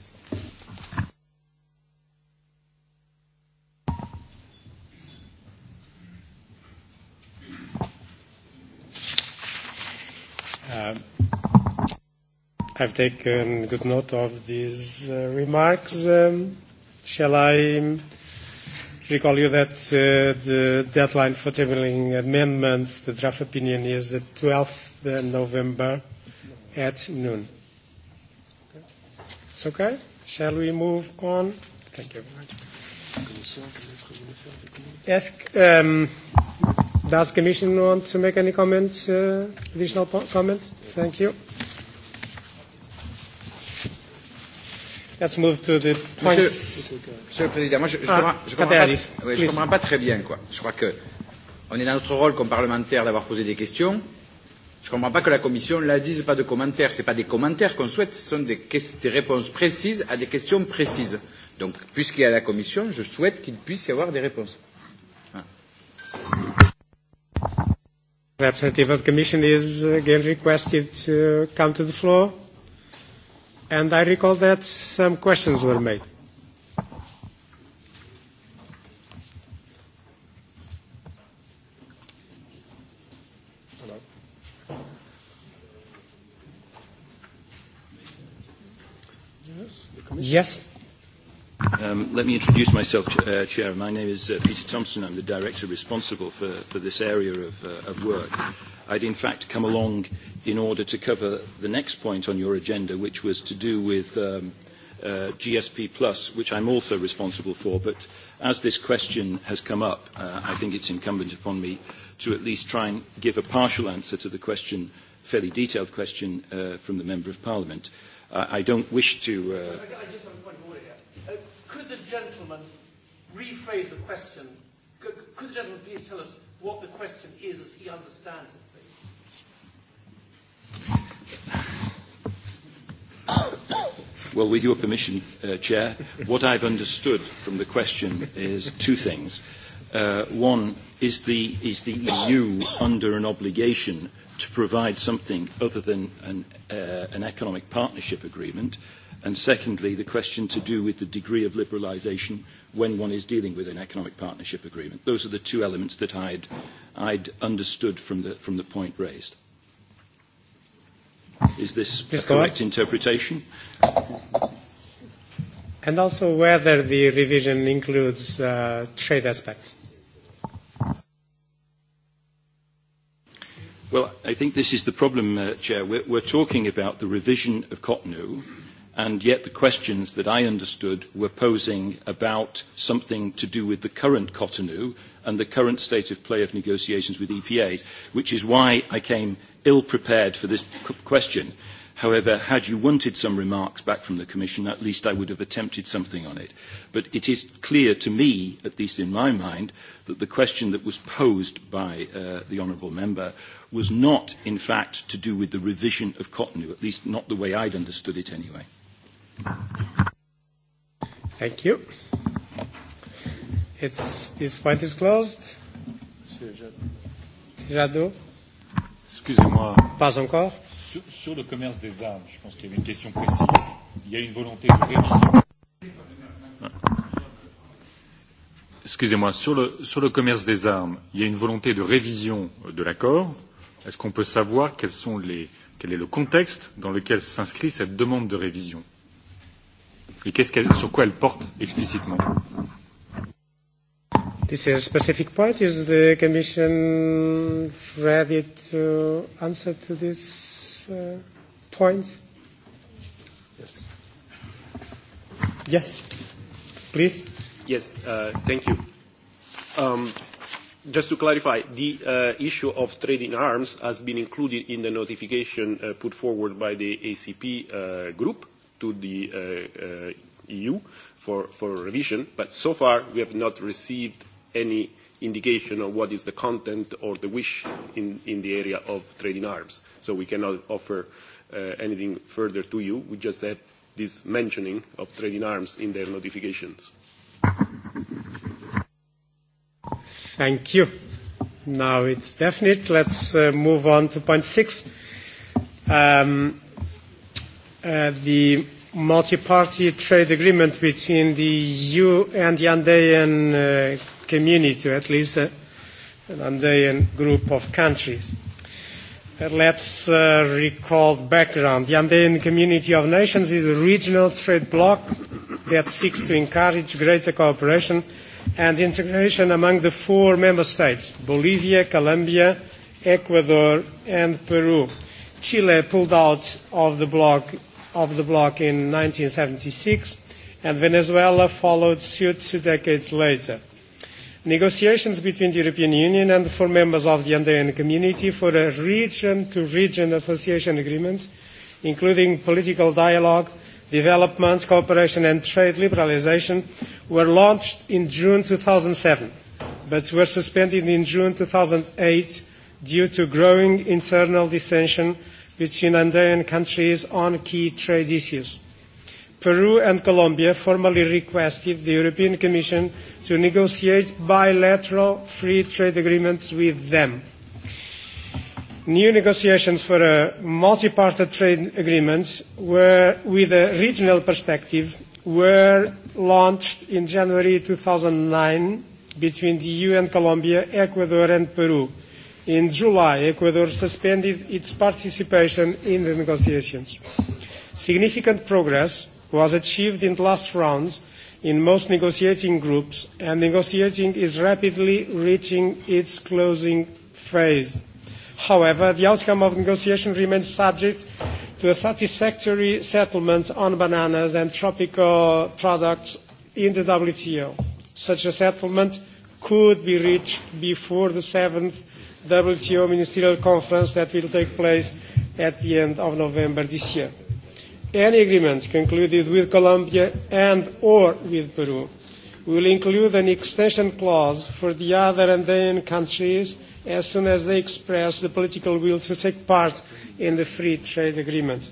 [SPEAKER 6] I've taken good note of these uh, remarks. Um, shall I recall you that uh, the deadline for tabling amendments, the draft opinion, is the 12th of November at noon? It's okay? Shall we move on? Thank you very much. Ask, um, Does the Commission want to make any comments, uh, additional comments? Thank you. Let's move to the points. Monsieur, Monsieur le Président, moi je ah, comprends, je comprends, pas, je comprends pas
[SPEAKER 9] très bien. Quoi. Je crois que on est dans notre rôle comme parlementaire d'avoir posé des questions. Je ne comprends pas que la Commission la dise pas de commentaires. Ce n'est pas des commentaires qu'on souhaite, ce sont des, des réponses précises à des questions précises. Donc, puisqu'il y a la Commission, je souhaite qu'il puisse y avoir des réponses. Voilà.
[SPEAKER 6] Representative of the Commission is again requested to come to the floor. And I recall that some questions were made. Yes.
[SPEAKER 11] Um, let me introduce myself, uh, Chair. My name is uh, Peter Thompson. I'm the director responsible for, for this area of, uh, of work. I'd in fact come along in order to cover the next point on your agenda, which was to do with um, uh, GSP Plus, which I'm also responsible for. But as this question has come up, uh, I think it's incumbent upon me to at least try and give a partial answer to the question, fairly detailed question uh, from the Member of Parliament. I don't wish to. Uh,
[SPEAKER 4] the gentleman rephrase the question? Could, could the gentleman please tell us what the question is as he
[SPEAKER 11] understands it, please? Well, with your permission, uh, Chair, what I've understood from the question is two things. Uh, one, is the, is the EU under an obligation to provide something other than an, uh, an economic partnership agreement? Uh, And secondly, the question to do with the degree of liberalisation when one is dealing with an economic partnership agreement. Those are the two elements that I'd, I'd understood from the, from the point raised. Is this a correct interpretation?
[SPEAKER 6] And also whether the revision includes uh, trade aspects.
[SPEAKER 11] Well, I think this is the problem, uh, Chair. We're, we're talking about the revision of Cotonou and yet the questions that I understood were posing about something to do with the current Cotonou and the current state of play of negotiations with EPAs, which is why I came ill-prepared for this question. However, had you wanted some remarks back from the Commission, at least I would have attempted something on it. But it is clear to me, at least in my mind, that the question that was posed by uh, the Honourable Member was not, in fact, to do with the revision of Cotonou, at least not the way I'd understood it anyway. Thank you.
[SPEAKER 6] It's, this point is closed. Jadot. Excusez-moi. Pas encore. Sur, sur le commerce
[SPEAKER 3] des armes, je pense qu'il y avait une question précise. Il y a une volonté de révision. Excusez-moi, sur le, sur le commerce des armes, il y a une volonté de révision de l'accord. Est-ce qu'on peut savoir quels sont les, quel est le contexte dans lequel s'inscrit cette demande de révision et qu'est-ce qu'elle, sur quoi elle porte explicitement.
[SPEAKER 6] This specific part is the Commission ready to answer to this uh, point? Yes. Yes, please.
[SPEAKER 10] Yes, uh, thank you. Um, just to clarify, the uh, issue of trade in arms has been included in the notification uh, put forward by the ACP uh, group to the EU for revision, but so far we have not received any indication of what is the content or the wish in the area of trade in arms. So we cannot offer anything further to you. We just have this mentioning of trade in arms in their notifications.
[SPEAKER 6] Thank you. Now it's definite. Let's move on to point six. Um, the multi-party trade agreement between the EU and the Andean uh, community, at least uh, an Andean group of countries. Let's uh, recall background. The Andean Community of Nations is a regional trade bloc that seeks to encourage greater cooperation and integration among the four member states, Bolivia, Colombia, Ecuador, and Peru. Chile pulled out of the bloc of the bloc in 1976, and Venezuela followed suit two decades later. Negotiations between the European Union and the four members of the Andean community for a region-to-region association agreements, including political dialogue, development, cooperation and trade liberalisation, were launched in June 2007, but were suspended in June 2008 due to growing internal dissension between Andean countries on key trade issues. Peru and Colombia formally requested the European Commission to negotiate bilateral free trade agreements with them. New negotiations for a multi-party trade agreements were, with a regional perspective were launched in January 2009 between the EU and Colombia, Ecuador and Peru In July, Ecuador suspended its participation in the negotiations. Significant progress was achieved in the last rounds in most negotiating groups, and negotiating is rapidly reaching its closing phase. However, the outcome of negotiation remains subject to a satisfactory settlement on bananas and tropical products in the WTO. Such a settlement could be reached before the 7th WTO Ministerial Conference that will take place at the end of November this year. Any agreement concluded with Colombia and or with Peru will include an extension clause for the other Andean countries as soon as they express the political will to take part in the free trade agreement.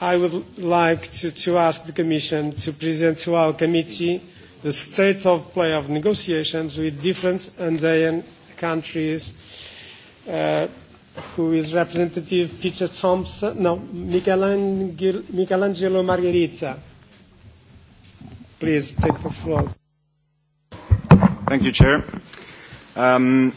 [SPEAKER 6] I would like to, to ask the Commission to present to our committee the state of play of negotiations with different Andean countries, uh, who is representative Peter Thompson, no, Michelangelo, Michelangelo Margherita. Please take the floor.
[SPEAKER 12] Thank you, Chair. Um,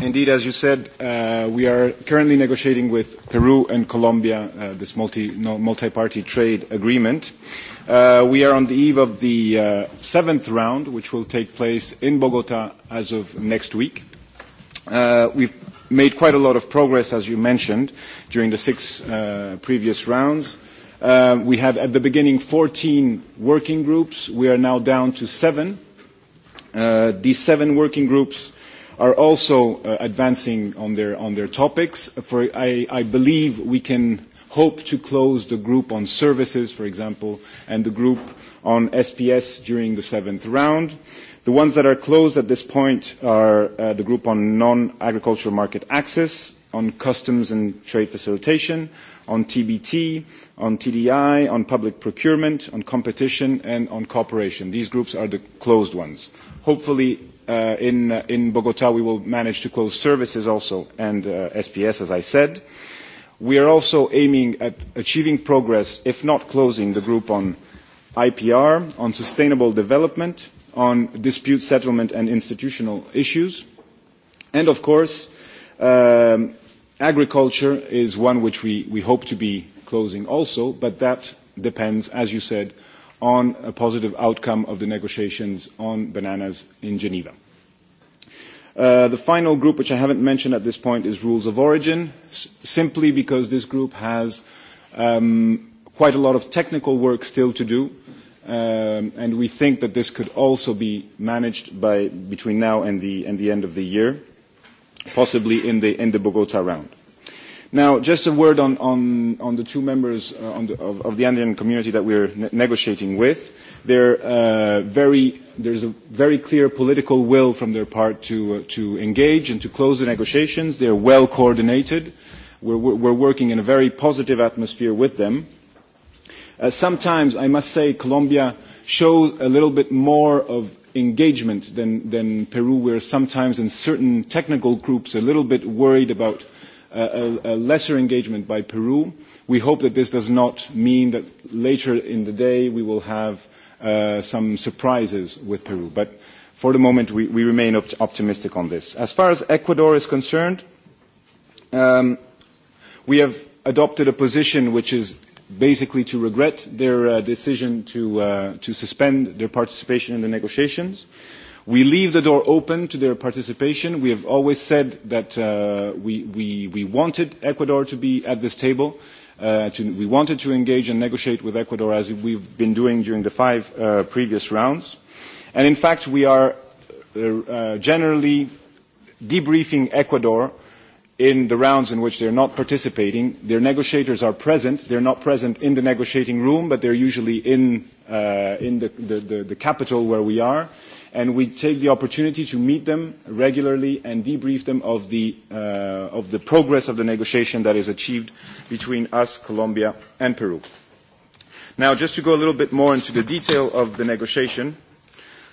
[SPEAKER 12] Indeed, as you said, uh, we are currently negotiating with Peru and Colombia uh, this multi, no, multi-party trade agreement. Uh, we are on the eve of the uh, seventh round, which will take place in Bogota as of next week. Uh, we've made quite a lot of progress, as you mentioned, during the six uh, previous rounds. Uh, we had at the beginning 14 working groups. We are now down to seven. Uh, these seven working groups are also advancing on their, topics. I, believe we can hope to close the group on services, for example, and the group on SPS during the seventh round. The ones that are closed at this point are the group on non-agricultural market access, on customs and trade facilitation, on TBT, on TDI, on public procurement, on competition, and on cooperation. These groups are the closed ones. Hopefully, uh, in, in Bogota we will manage to close services also and uh, SPS, as I said. We are also aiming at achieving progress, if not closing, the group on IPR, on sustainable development, on dispute settlement and institutional issues. And of course, um, agriculture is one which we, we hope to be closing also, but that depends, as you said, on a positive outcome of the negotiations on bananas in Geneva. the final group, which I haven't mentioned at this point, is rules of origin, simply because this group has quite a lot of technical work still to do, and we think that this could also be managed by, between now and the, and the end of the year, possibly in the, in the Bogota round. Now, just a word on, on, on the two members uh, on the, of, of the Andean community that we're ne- negotiating with. They're, uh, very, there's a very clear political will from their part to, uh, to engage and to close the negotiations. They're well coordinated. We're, we're working in a very positive atmosphere with them. Uh, sometimes, I must say, Colombia shows a little bit more of engagement than, than Peru, where sometimes in certain technical groups a little bit worried about a, lesser engagement by Peru. We hope that this does not mean that later in the day we will have some surprises with Peru. But for the moment, we, we remain optimistic on this. As far as Ecuador is concerned, we have adopted a position which is basically to regret their decision to, suspend their participation in the negotiations. Uh, We leave the door open to their participation. We have always said that uh, we, we, we wanted Ecuador to be at this table. Uh, to, we wanted to engage and negotiate with Ecuador as we've been doing during the five uh, previous rounds. And in fact, we are uh, uh, generally debriefing Ecuador in the rounds in which they are not participating. Their negotiators are present. They are not present in the negotiating room, but they are usually in, uh, in the, the, the, the capital where we are and we take the opportunity to meet them regularly and debrief them of the, uh, of the progress of the negotiation that is achieved between us, Colombia, and Peru. Now, just to go a little bit more into the detail of the negotiation,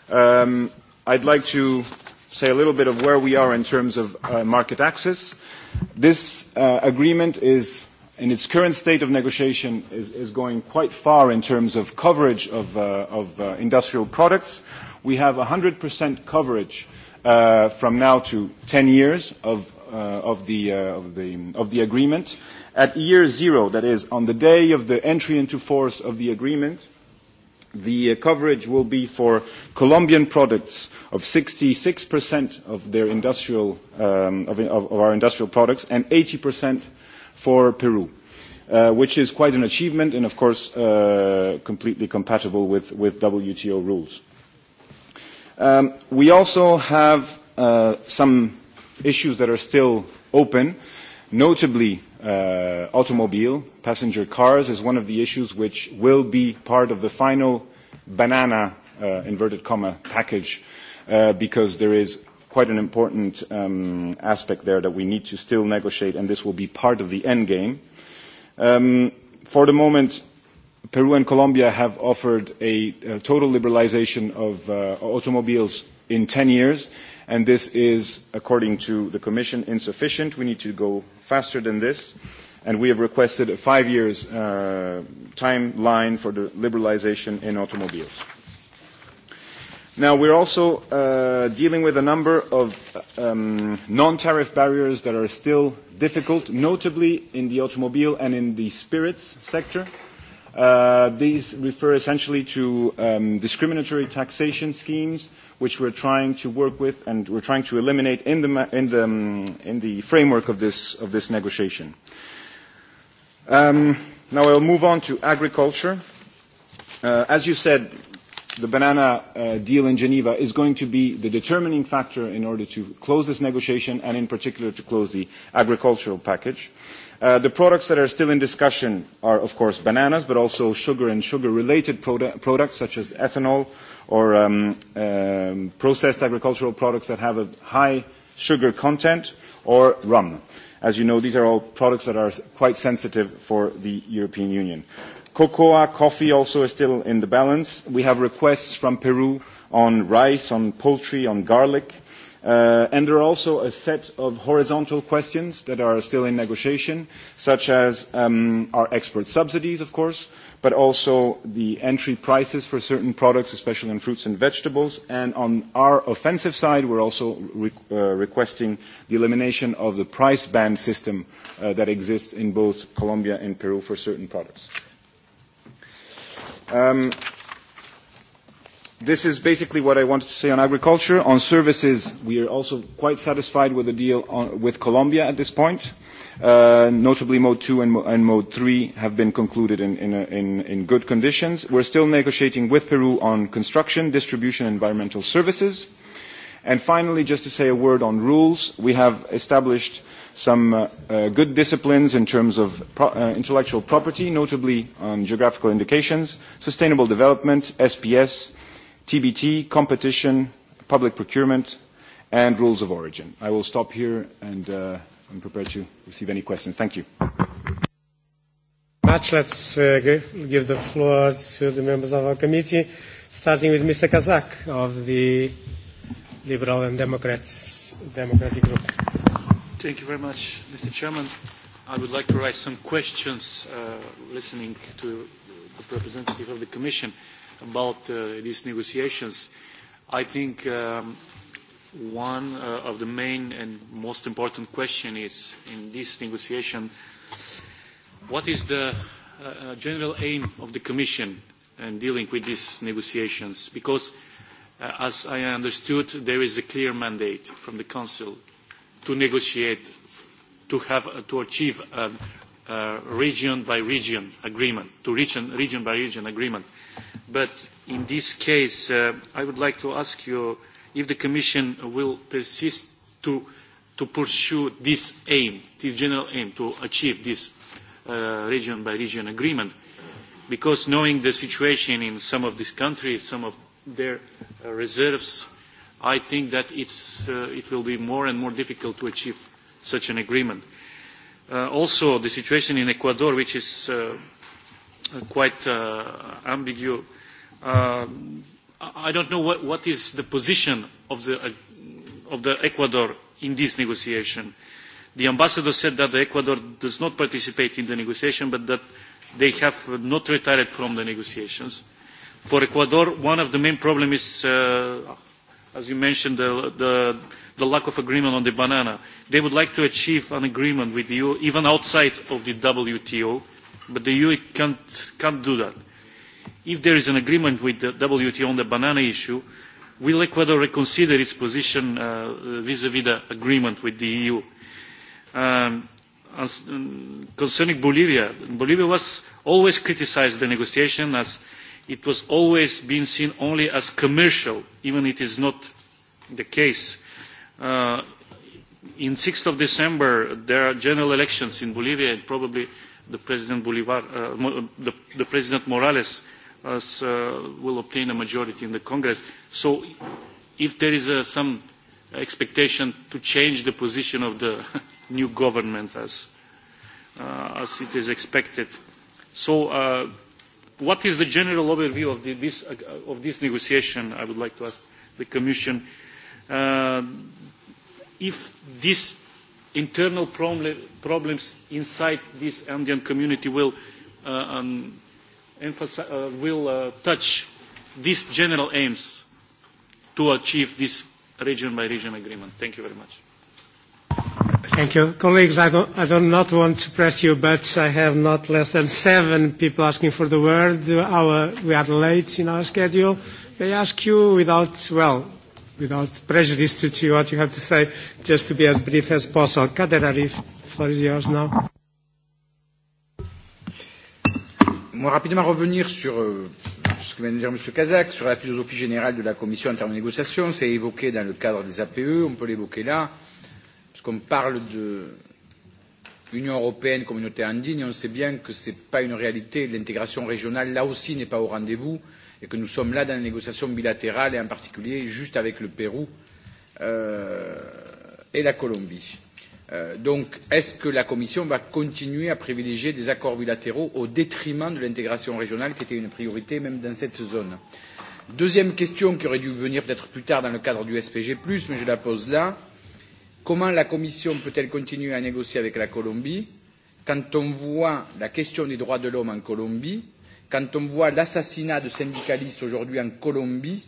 [SPEAKER 12] um, I'd like to say a little bit of where we are in terms of uh, market access. This uh, agreement is in its current state of negotiation is, is going quite far in terms of coverage of, uh, of uh, industrial products. We have 100% coverage uh, from now to 10 years of, uh, of, the, uh, of, the, of the agreement. At year zero, that is, on the day of the entry into force of the agreement, the uh, coverage will be for Colombian products of 66% of their industrial um, of, of, of our industrial products and 80% for Peru, which is quite an achievement and, of course, completely compatible with, WTO rules. we also have some issues that are still open, notably automobile, passenger cars is one of the issues which will be part of the final banana, inverted comma, package because there is quite an important um, aspect there that we need to still negotiate, and this will be part of the end game. Um, for the moment, Peru and Colombia have offered a, a total liberalization of uh, automobiles in 10 years, and this is, according to the Commission, insufficient. We need to go faster than this, and we have requested a five years uh, timeline for the liberalization in automobiles. Now, we're also uh, dealing with a number of um, non-tariff barriers that are still difficult, notably in the automobile and in the spirits sector. Uh, these refer essentially to um, discriminatory taxation schemes, which we're trying to work with and we're trying to eliminate in the, in the, um, in the framework of this, of this negotiation. Um, now I'll move on to agriculture. Uh, as you said, the banana uh, deal in Geneva is going to be the determining factor in order to close this negotiation and in particular to close the agricultural package. Uh, the products that are still in discussion are of course bananas but also sugar and sugar related produ products such as ethanol or um, um, processed agricultural products that have a high sugar content or rum. As you know, these are all products that are quite sensitive for the European Union. Cocoa, coffee also is still in the balance. We have requests from Peru on rice, on poultry, on garlic. and there are also a set of horizontal questions that are still in negotiation, such as our export subsidies, of course, but also the entry prices for certain products, especially in fruits and vegetables. And on our offensive side, we're also requesting the elimination of the price ban system that exists in both Colombia and Peru for certain products. Um, this is basically what I wanted to say on agriculture. On services, we are also quite satisfied with the deal on, with Colombia at this point. Uh, notably, Mode 2 and, and Mode 3 have been concluded in, in, in, in good conditions. We're still negotiating with Peru on construction, distribution, and environmental services. Uh, And finally, just to say a word on rules, we have established some good disciplines in terms of intellectual property, notably on geographical indications, sustainable development, SPS, TBT, competition, public procurement, and rules of origin. I will stop here and I'm prepared to receive any questions. Thank you.
[SPEAKER 6] Much. Let's give the floor to the members of our committee, starting with Mr. Kazak of the Liberal and Democrats, Democratic Group.
[SPEAKER 13] Thank you very much, Mr. Chairman. I would like to raise some questions uh, listening to the representative of the Commission about uh, these negotiations. I think um, one uh, of the main and most important question is in this negotiation, what is the uh, general aim of the Commission in dealing with these negotiations? Because as I understood, there is a clear mandate from the Council to negotiate, to have, to achieve a region by region agreement, to reach a region by region agreement. But in this case, I would like to ask you if the Commission will persist to to pursue this aim, this general aim, to achieve this region by region agreement. Because knowing the situation in some of these countries, some of their reserves, I think that it's, uh, it will be more and more difficult to achieve such an agreement. Uh, also, the situation in Ecuador, which is uh, quite uh, ambiguous, uh, I don't know what, what is the position of the, uh, of the Ecuador in this negotiation. The ambassador said that Ecuador does not participate in the negotiation, but that they have not retired from the negotiations. Uh, For Ecuador, one of the main problems is, as you mentioned, the, lack of agreement on the banana. They would like to achieve an agreement with the EU, even outside of the WTO, but the EU can't, can't do that. If there is an agreement with the WTO on the banana issue, will Ecuador reconsider its position vis-à-vis the agreement with the EU? concerning Bolivia, Bolivia was always criticised the negotiation as it was always been seen only as commercial, even if it is not the case. Uh, in 6 of December, there are general elections in Bolivia, and probably the President, Bolivar, uh, the, the President Morales uh, will obtain a majority in the Congress. So if there is uh, some expectation to change the position of the new government as, uh, as it is expected. So uh, What is the general overview of, the, this, of this negotiation? I would like to ask the Commission. Uh, if these internal problem, problems inside this Andean community will, uh, um, emphasize, uh, will uh, touch these general aims to achieve this region by region agreement. Thank you very much.
[SPEAKER 6] Thank you. Colleagues, I don't, I do not want to press you, but I have not less than seven people asking for the word. Our, we are late in our schedule. May I ask you without, well, without prejudice to, to what you have to say, just to be as brief as possible. Kader Arif, the floor is yours now.
[SPEAKER 9] Moi, rapidement revenir sur ce que vient de dire M. Kazak, sur la philosophie générale de la Commission en termes de négociation. C'est évoqué dans le cadre des APE, on peut l'évoquer là. Euh, qu'on parle de Union européenne, communauté andine, et on sait bien que ce n'est pas une réalité. L'intégration régionale, là aussi, n'est pas au rendez-vous et que nous sommes là dans les négociations bilatérales et en particulier juste avec le Pérou euh, et la Colombie. Euh, donc, est-ce que la Commission va continuer à privilégier des accords bilatéraux au détriment de l'intégration régionale qui était une priorité même dans cette zone Deuxième question qui aurait dû venir peut-être plus tard dans le cadre du SPG+, mais je la pose là. Comment la Commission peut-elle continuer à négocier avec la Colombie quand on voit la question des droits de l'homme en Colombie, quand on voit l'assassinat de syndicalistes aujourd'hui en Colombie,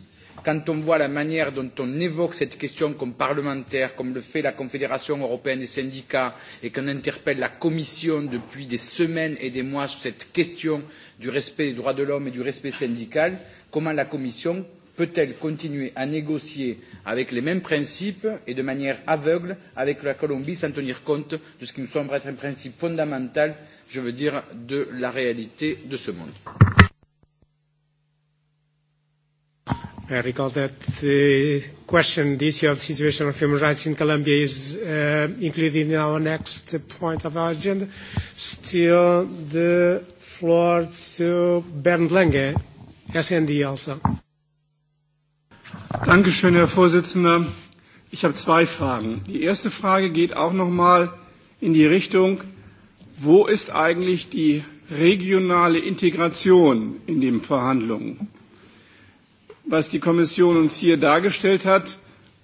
[SPEAKER 9] quand on voit la manière dont on évoque cette question comme parlementaire, comme le fait la Confédération européenne des syndicats, et qu'on interpelle la Commission depuis des semaines et des mois sur cette question du respect des droits de l'homme et du respect syndical, comment la Commission peut-elle continuer à négocier avec les mêmes principes et de manière aveugle avec la Colombie sans tenir compte de ce qui nous semble être un principe fondamental, je veux dire, de la réalité de ce monde
[SPEAKER 6] I recall that the question, the issue of the situation of human rights in Colombia is uh, included in our next point of our agenda. Still, the floor to Bernd Lange, SND also.
[SPEAKER 14] Dankeschön, Herr Vorsitzender. Ich habe zwei Fragen. Die erste Frage geht auch noch mal in die Richtung, wo ist eigentlich die regionale Integration in den Verhandlungen? Was die Kommission uns hier dargestellt hat,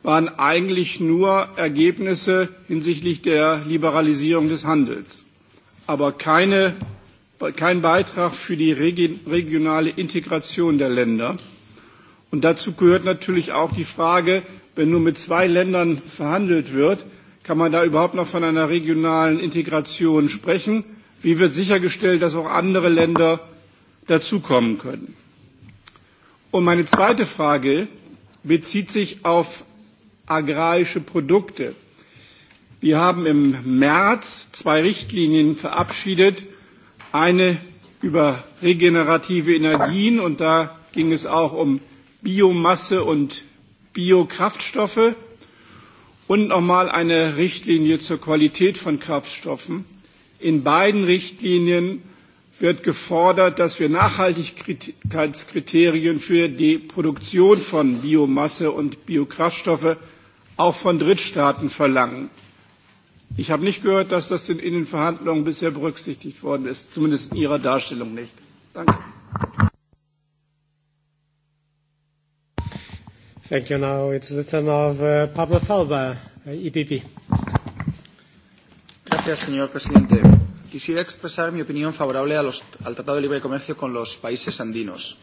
[SPEAKER 14] waren eigentlich nur Ergebnisse hinsichtlich der Liberalisierung des Handels, aber kein Beitrag für die regionale Integration der Länder. Und dazu gehört natürlich auch die Frage, wenn nur mit zwei Ländern verhandelt wird, kann man da überhaupt noch von einer regionalen Integration sprechen? Wie wird sichergestellt, dass auch andere Länder dazukommen können? Und meine zweite Frage bezieht sich auf agrarische Produkte. Wir haben im März zwei Richtlinien verabschiedet, eine über regenerative Energien und da ging es auch um Biomasse und Biokraftstoffe und nochmal eine Richtlinie zur Qualität von Kraftstoffen. In beiden Richtlinien wird gefordert, dass wir Nachhaltigkeitskriterien für die Produktion von Biomasse und Biokraftstoffe auch von Drittstaaten verlangen. Ich habe nicht gehört, dass das in den Verhandlungen bisher berücksichtigt worden ist, zumindest in Ihrer Darstellung nicht. Danke.
[SPEAKER 6] Thank you. Now it's the turn of Pablo Zalba, EPP.
[SPEAKER 15] Gracias, señor presidente. Quisiera expresar mi opinión favorable al Tratado de Libre Comercio con los países andinos.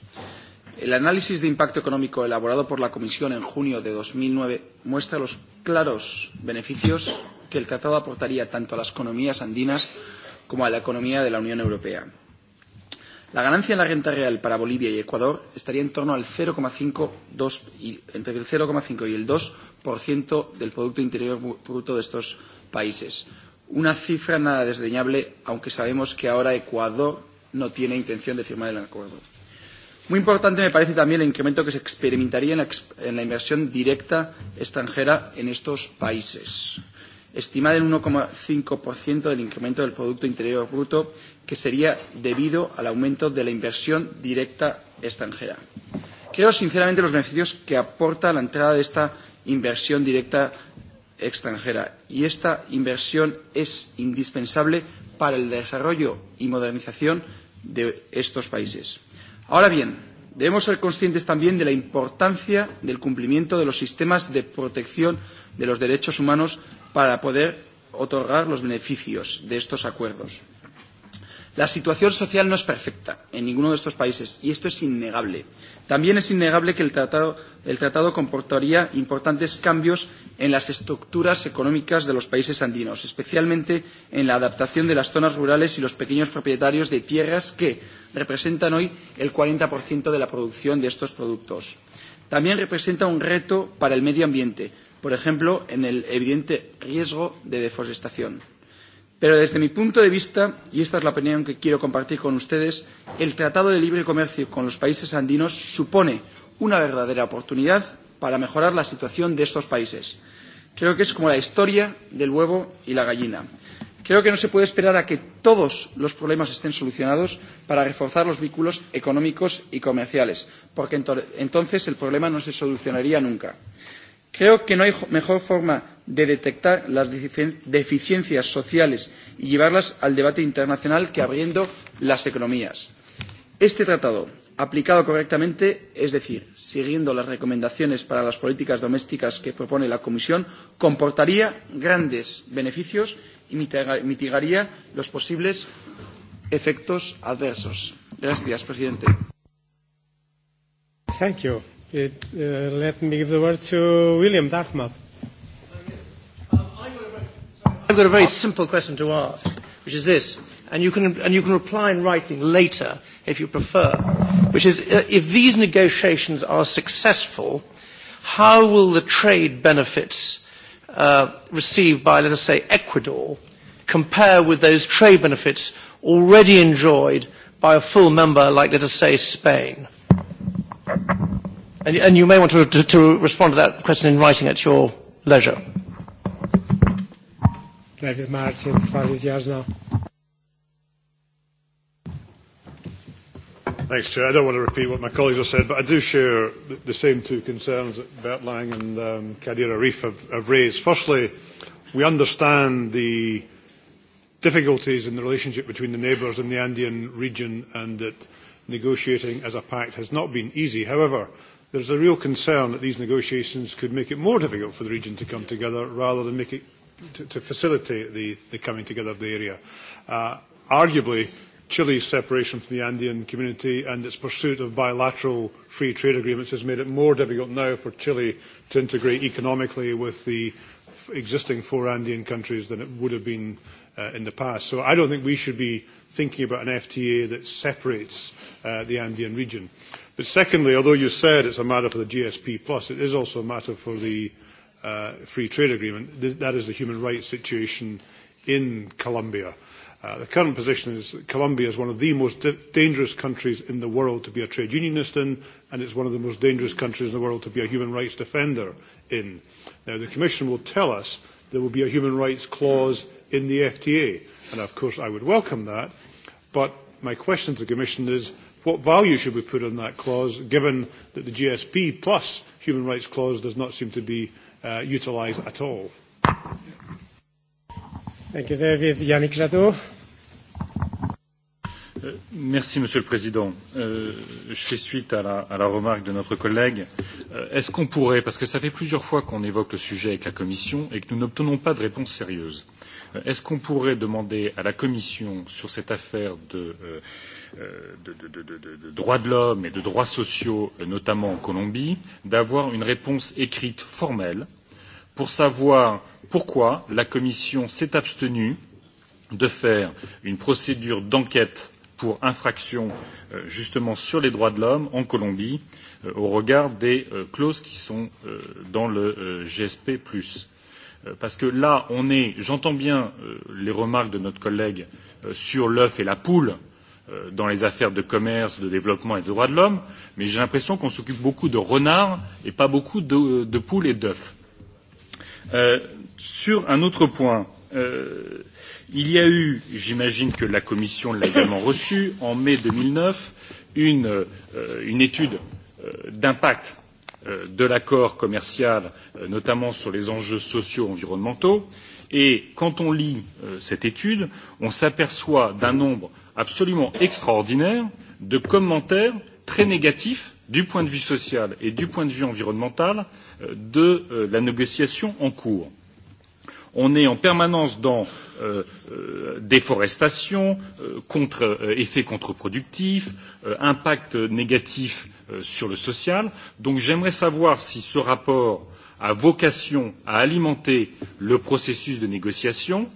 [SPEAKER 15] El análisis de impacto económico elaborado por la Comisión en junio de dos mil nueve muestra los claros beneficios que el tratado aportaría tanto a las economías andinas como a la economía de la Unión Europea. La ganancia en la renta real para Bolivia y Ecuador estaría en torno al 0,5 entre el 0,5 y el 2% del Producto Interior Bruto de estos países. Una cifra nada desdeñable, aunque sabemos que ahora Ecuador no tiene intención de firmar el acuerdo. Muy importante me parece también el incremento que se experimentaría en la, en la inversión directa extranjera en estos países, estimada en 1,5% del incremento del Producto Interior Bruto que sería debido al aumento de la inversión directa extranjera. Creo sinceramente los beneficios que aporta la entrada de esta inversión directa extranjera y esta inversión es indispensable para el desarrollo y modernización de estos países. Ahora bien, debemos ser conscientes también de la importancia del cumplimiento de los sistemas de protección de los derechos humanos para poder otorgar los beneficios de estos acuerdos. La situación social no es perfecta en ninguno de estos países y esto es innegable. También es innegable que el tratado, el tratado comportaría importantes cambios en las estructuras económicas de los países andinos, especialmente en la adaptación de las zonas rurales y los pequeños propietarios de tierras que representan hoy el 40% de la producción de estos productos. También representa un reto para el medio ambiente, por ejemplo, en el evidente riesgo de deforestación. Pero desde mi punto de vista, y esta es la opinión que quiero compartir con ustedes, el Tratado de Libre Comercio con los países andinos supone una verdadera oportunidad para mejorar la situación de estos países. Creo que es como la historia del huevo y la gallina. Creo que no se puede esperar a que todos los problemas estén solucionados para reforzar los vínculos económicos y comerciales, porque entonces el problema no se solucionaría nunca. Creo que no hay mejor forma de detectar las deficiencias sociales y llevarlas al debate internacional que abriendo las economías. Este tratado, aplicado correctamente, es decir, siguiendo las recomendaciones para las políticas domésticas que propone la Comisión, comportaría grandes beneficios y mitigaría los posibles efectos adversos. Gracias, presidente.
[SPEAKER 6] Thank you it, uh, let me give the word to William Dachmap. I've got a very simple question to ask, which is this, and you can, and you can reply in writing later
[SPEAKER 4] if you prefer, which is uh, if these negotiations are successful, how will the trade benefits uh, received by, let us say, Ecuador compare with those trade benefits already enjoyed by a full member like, let us say, Spain? And, and you may want to, to, to respond to that question in writing at your leisure.
[SPEAKER 6] David Martin, Faris Yazna.
[SPEAKER 16] Thanks, Chair. I don't want to repeat what my colleagues have said, but I do share the, the same two concerns that Bert Lang and um, Kadir Arif have, have raised. Firstly, we understand the difficulties in the relationship between the neighbours in the Andean region and that negotiating as a pact has not been easy. However, There is a real concern that these negotiations could make it more difficult for the region to come together rather than make it to, to facilitate the, the coming together of the area. Uh, arguably, Chile's separation from the Andean community and its pursuit of bilateral free trade agreements has made it more difficult now for Chile to integrate economically with the existing four Andean countries than it would have been uh, in the past. So I don't think we should be thinking about an FTA that separates uh, the Andean region. Uh, But secondly, although you said it's a matter for the GSP Plus, it is also a matter for the uh, free trade agreement. That is the human rights situation in Colombia. Uh, the current position is that Colombia is one of the most di- dangerous countries in the world to be a trade unionist in, and it's one of the most dangerous countries in the world to be a human rights defender in. Now, the Commission will tell us there will be a human rights clause in the FTA, and of course I would welcome that, but my question to the Commission is, what value should we put on that clause, given that the GSP plus human rights clause does not seem to be uh, utilised at all?
[SPEAKER 6] Thank you, David. Yannick Jadot.
[SPEAKER 16] Merci,
[SPEAKER 3] Monsieur le Président. je fais suite à la, remarque de notre collègue. Est-ce qu'on pourrait, parce que ça fait plusieurs fois qu'on évoque le sujet avec la Commission et que nous n'obtenons pas de réponse sérieuse, Est-ce qu'on pourrait demander à la Commission sur cette affaire de, droits de l'homme et de droits sociaux, notamment en Colombie, d'avoir une réponse écrite formelle pour savoir pourquoi la Commission s'est abstenue de faire une procédure d'enquête pour infraction justement sur les droits de l'homme en Colombie au regard des clauses qui sont dans le GSP parce que là, on est, j'entends bien les remarques de notre collègue sur l'œuf et la poule dans les affaires de commerce, de développement et de droits de l'homme, mais j'ai l'impression qu'on s'occupe beaucoup de renards et pas beaucoup de, de poules et d'œufs. sur un autre point, il y a eu, j'imagine que la Commission l'a également reçu, en mai deux mille neuf, une étude d'impact de l'accord commercial, notamment sur les enjeux sociaux et environnementaux. Et quand on lit cette étude, on s'aperçoit d'un nombre absolument extraordinaire de commentaires très négatifs du point de vue social et du point de vue environnemental de la négociation en cours. On est en permanence dans déforestation, effets contre-productifs, impact négatif sur le social. Donc j'aimerais savoir si ce rapport a vocation à alimenter le processus de négociation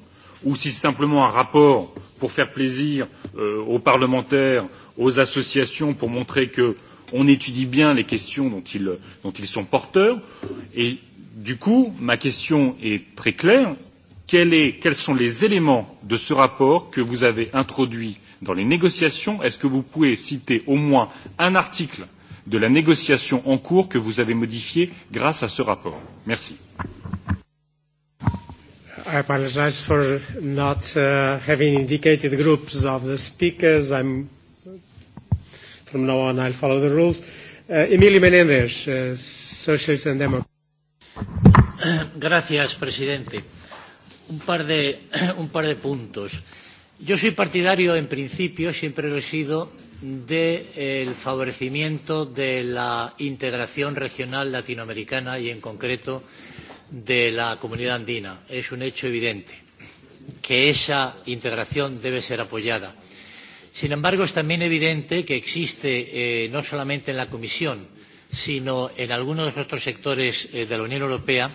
[SPEAKER 3] ou si c'est simplement un rapport pour faire plaisir aux parlementaires, aux associations, pour montrer qu'on étudie bien les questions dont ils, sont porteurs. Et du coup, ma question est très claire. quels sont les éléments de ce rapport que vous avez introduits dans les négociations Est-ce que vous pouvez citer au moins un article de la négociation en cours que vous avez modifiée grâce à ce rapport. Merci.
[SPEAKER 6] I apologize for not uh, having indicated groups of the speakers. I'm, from now on, I'll follow the rules. Uh, Emilio Menéndez, uh, Socialist and Democrat.
[SPEAKER 17] Gracias, presidente. Un par, de, un par de puntos. Yo soy partidario, en principio, siempre lo he sido, del favorecimiento de la integración regional latinoamericana y, en concreto, de la comunidad andina. Es un hecho evidente que esa integración debe ser apoyada. Sin embargo, es también evidente que existe, eh, no solamente en la Comisión, sino en algunos de otros sectores eh, de la Unión Europea,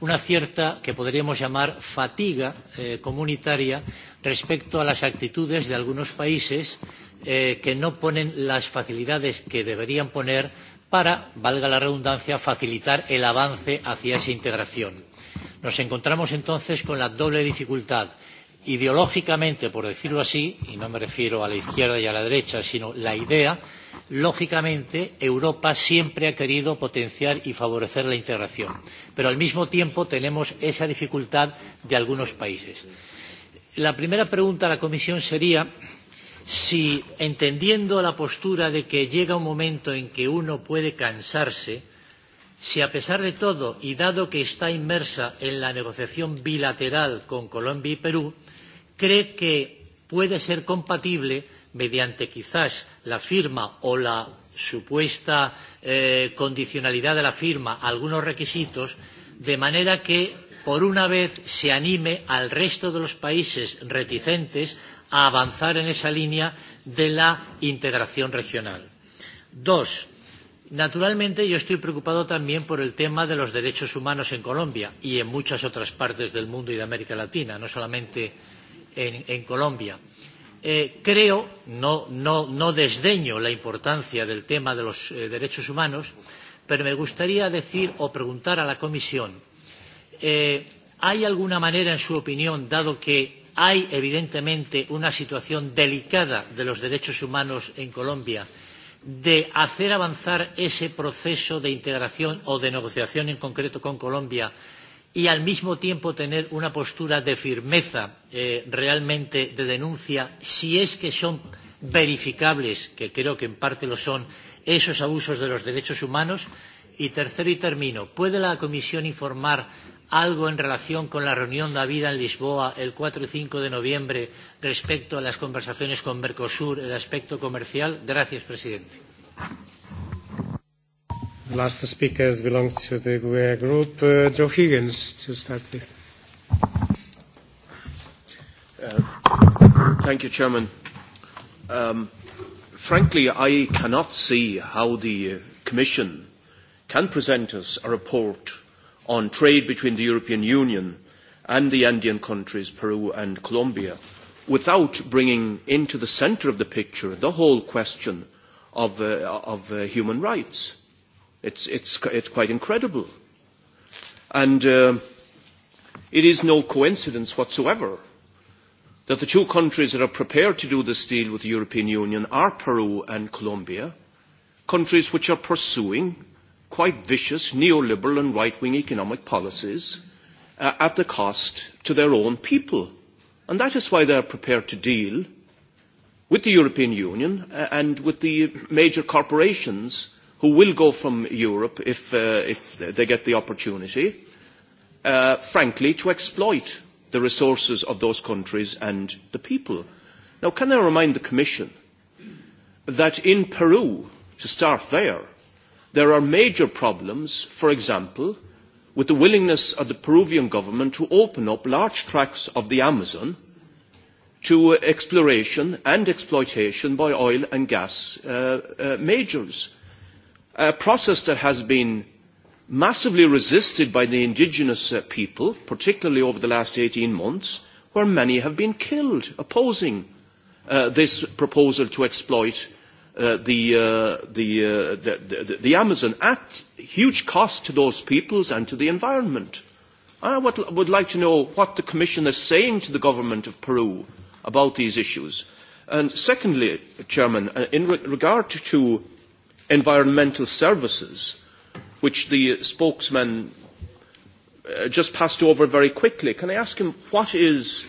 [SPEAKER 17] una cierta, que podríamos llamar, fatiga eh, comunitaria respecto a las actitudes de algunos países que no ponen las facilidades que deberían poner para, valga la redundancia, facilitar el avance hacia esa integración. Nos encontramos entonces con la doble dificultad ideológicamente, por decirlo así, y no me refiero a la izquierda y a la derecha, sino la idea, lógicamente Europa siempre ha querido potenciar y favorecer la integración, pero al mismo tiempo tenemos esa dificultad de algunos países. La primera pregunta a la Comisión sería si entendiendo la postura de que llega un momento en que uno puede cansarse, si a pesar de todo y dado que está inmersa en la negociación bilateral con Colombia y Perú, cree que puede ser compatible mediante quizás la firma o la supuesta eh, condicionalidad de la firma algunos requisitos, de manera que por una vez se anime al resto de los países reticentes a avanzar en esa línea de la integración regional. Dos, Naturalmente, yo estoy preocupado también por el tema de los derechos humanos en Colombia y en muchas otras partes del mundo y de América Latina, no solamente en, en Colombia. Eh, creo, no, no, no desdeño la importancia del tema de los eh, derechos humanos, pero me gustaría decir o preguntar a la Comisión, eh, ¿hay alguna manera, en su opinión, dado que Hay, evidentemente, una situación delicada de los derechos humanos en Colombia de hacer avanzar ese proceso de integración o de negociación en concreto con Colombia y al mismo tiempo tener una postura de firmeza eh, realmente de denuncia si es que son verificables, que creo que en parte lo son, esos abusos de los derechos humanos. Y tercero y termino, ¿puede la Comisión informar algo en relación con la reunión de habida en Lisboa el 4 y 5 de noviembre respecto a las conversaciones con Mercosur, el aspecto comercial? Gracias, presidente.
[SPEAKER 6] The last to the GUE group. Uh, Joe Higgins, to start with.
[SPEAKER 4] Uh, thank you, Chairman. Um, frankly, I cannot see how the Commission can present us a report on trade between the European Union and the Andean countries, Peru and Colombia, without bringing into the centre of the picture the whole question of, human rights. It's, it's, it's quite incredible. And it is no coincidence whatsoever that the two countries that are prepared to do this deal with the European Union are Peru and Colombia, countries which are pursuing quite vicious neoliberal and right-wing economic policies uh, at the cost to their own people. And that is why they are prepared to deal with the European Union and with the major corporations who will go from Europe if, uh, if they get the opportunity, uh, frankly, to exploit the resources of those countries and the people. Now, can I remind the Commission that in Peru, to start there, There are major problems, for example, with the willingness of the Peruvian government to open up large tracts of the Amazon to exploration and exploitation by oil and gas majors, a process that has been massively resisted by the indigenous people, particularly over the last eighteen months, where many have been killed opposing this proposal to exploit the, the, the, Amazon at huge cost to those peoples and to the environment. I would, would like to know what the Commission is saying to the government of Peru about these issues. And secondly, Chairman, in regard to environmental services, which the spokesman just passed over very quickly, can I ask him what is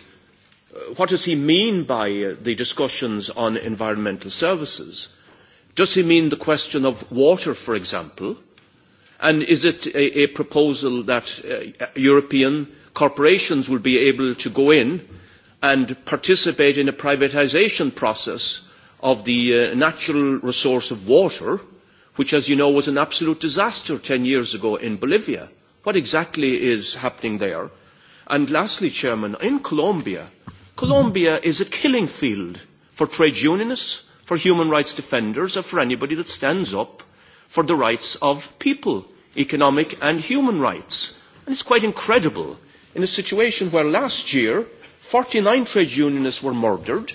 [SPEAKER 4] what does he mean by the discussions on environmental services? Does he mean the question of water, for example? And is it a, a proposal that uh, European corporations will be able to go in and participate in a privatisation process of the uh, natural resource of water, which, as you know, was an absolute disaster 10 years ago in Bolivia? What exactly is happening there? And lastly, Chairman, in Colombia, Colombia is a killing field for trade unionists, for human rights defenders or for anybody that stands up for the rights of people, economic and human rights. And it's quite incredible in a situation where last year 49 trade unionists were murdered,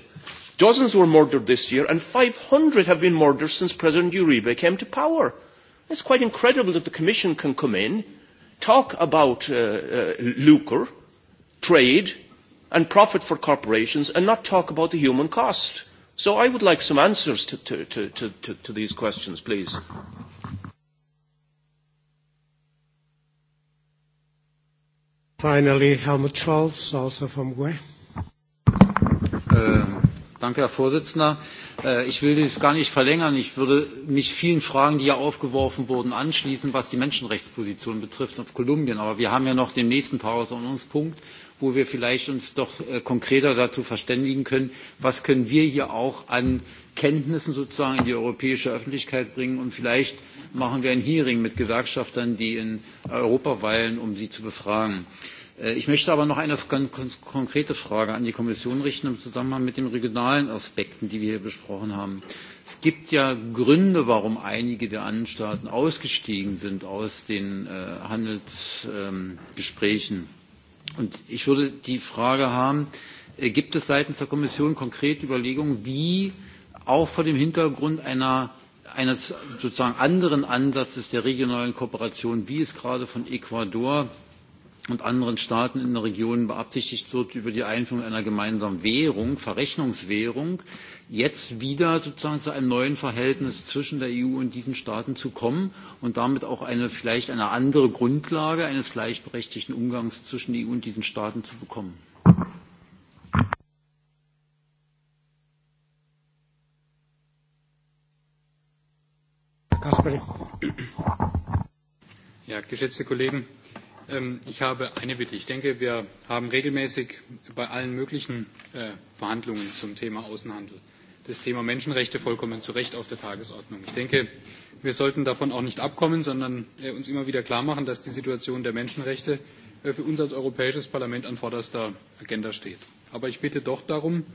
[SPEAKER 4] dozens were murdered this year, and 500 have been murdered since President Uribe came to power. It's quite incredible that the Commission can come in, talk about uh, uh, lucre, trade, and profit for corporations, and not talk about the human cost So I would like some answers to, to, to, to, to, to these questions, please.
[SPEAKER 6] Finally, Helmut Scholz, also from GUE.
[SPEAKER 18] Danke, Herr Vorsitzender. Ich will dies gar nicht verlängern. Ich würde mich vielen Fragen, die ja aufgeworfen wurden, anschließen, was die Menschenrechtsposition betrifft auf Kolumbien. Aber wir haben ja noch den nächsten Tagesordnungspunkt wo wir vielleicht uns doch konkreter dazu verständigen können, was können wir hier auch an Kenntnissen sozusagen in die europäische Öffentlichkeit bringen und vielleicht machen wir ein Hearing mit Gewerkschaftern, die in Europa weilen, um sie zu befragen. Ich möchte aber noch eine ganz konkrete Frage an die Kommission richten im Zusammenhang mit den regionalen Aspekten, die wir hier besprochen haben. Es gibt ja Gründe, warum einige der Anstaaten ausgestiegen sind aus den Handelsgesprächen Und ich würde die Frage haben, gibt es seitens der Kommission konkrete Überlegungen, wie auch vor dem Hintergrund einer eines sozusagen anderen Ansatzes der regionalen Kooperation, wie es gerade von Ecuador und anderen Staaten in der Region beabsichtigt wird, über die Einführung einer gemeinsamen Währung, Verrechnungswährung, jetzt wieder sozusagen zu einem neuen Verhältnis zwischen der EU und diesen Staaten zu kommen und damit auch eine, vielleicht eine andere Grundlage eines gleichberechtigten Umgangs zwischen der EU und diesen Staaten zu bekommen.
[SPEAKER 2] geschätzte Kollegen, Ich habe eine Bitte. Ich denke, wir haben regelmäßig bei allen möglichen Verhandlungen zum Thema Außenhandel das Thema Menschenrechte vollkommen zu Recht auf der Tagesordnung. Ich denke, wir sollten davon auch nicht abkommen, sondern uns immer wieder klar machen, dass die Situation der Menschenrechte für uns als Europäisches Parlament an vorderster Agenda steht. Aber ich bitte doch darum,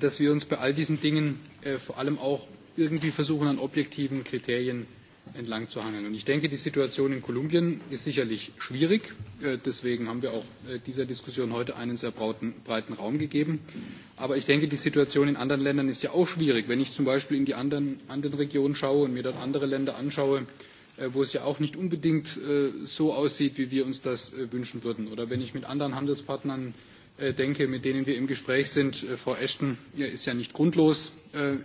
[SPEAKER 2] dass wir uns bei all diesen Dingen vor allem auch irgendwie versuchen, an objektiven Kriterien entlang zu hangeln. Und ich denke, die Situation in Kolumbien ist sicherlich schwierig. Deswegen haben wir auch dieser Diskussion heute einen sehr breiten Raum gegeben. Aber ich denke, die Situation in anderen Ländern ist ja auch schwierig. Wenn ich zum Beispiel in die anderen, Regionen schaue und mir dort andere Länder anschaue, wo es ja auch nicht unbedingt so aussieht, wie wir uns das wünschen würden. Oder wenn ich mit anderen Handelspartnern denke, mit denen wir im Gespräch sind. Frau Ashton ist ja nicht grundlos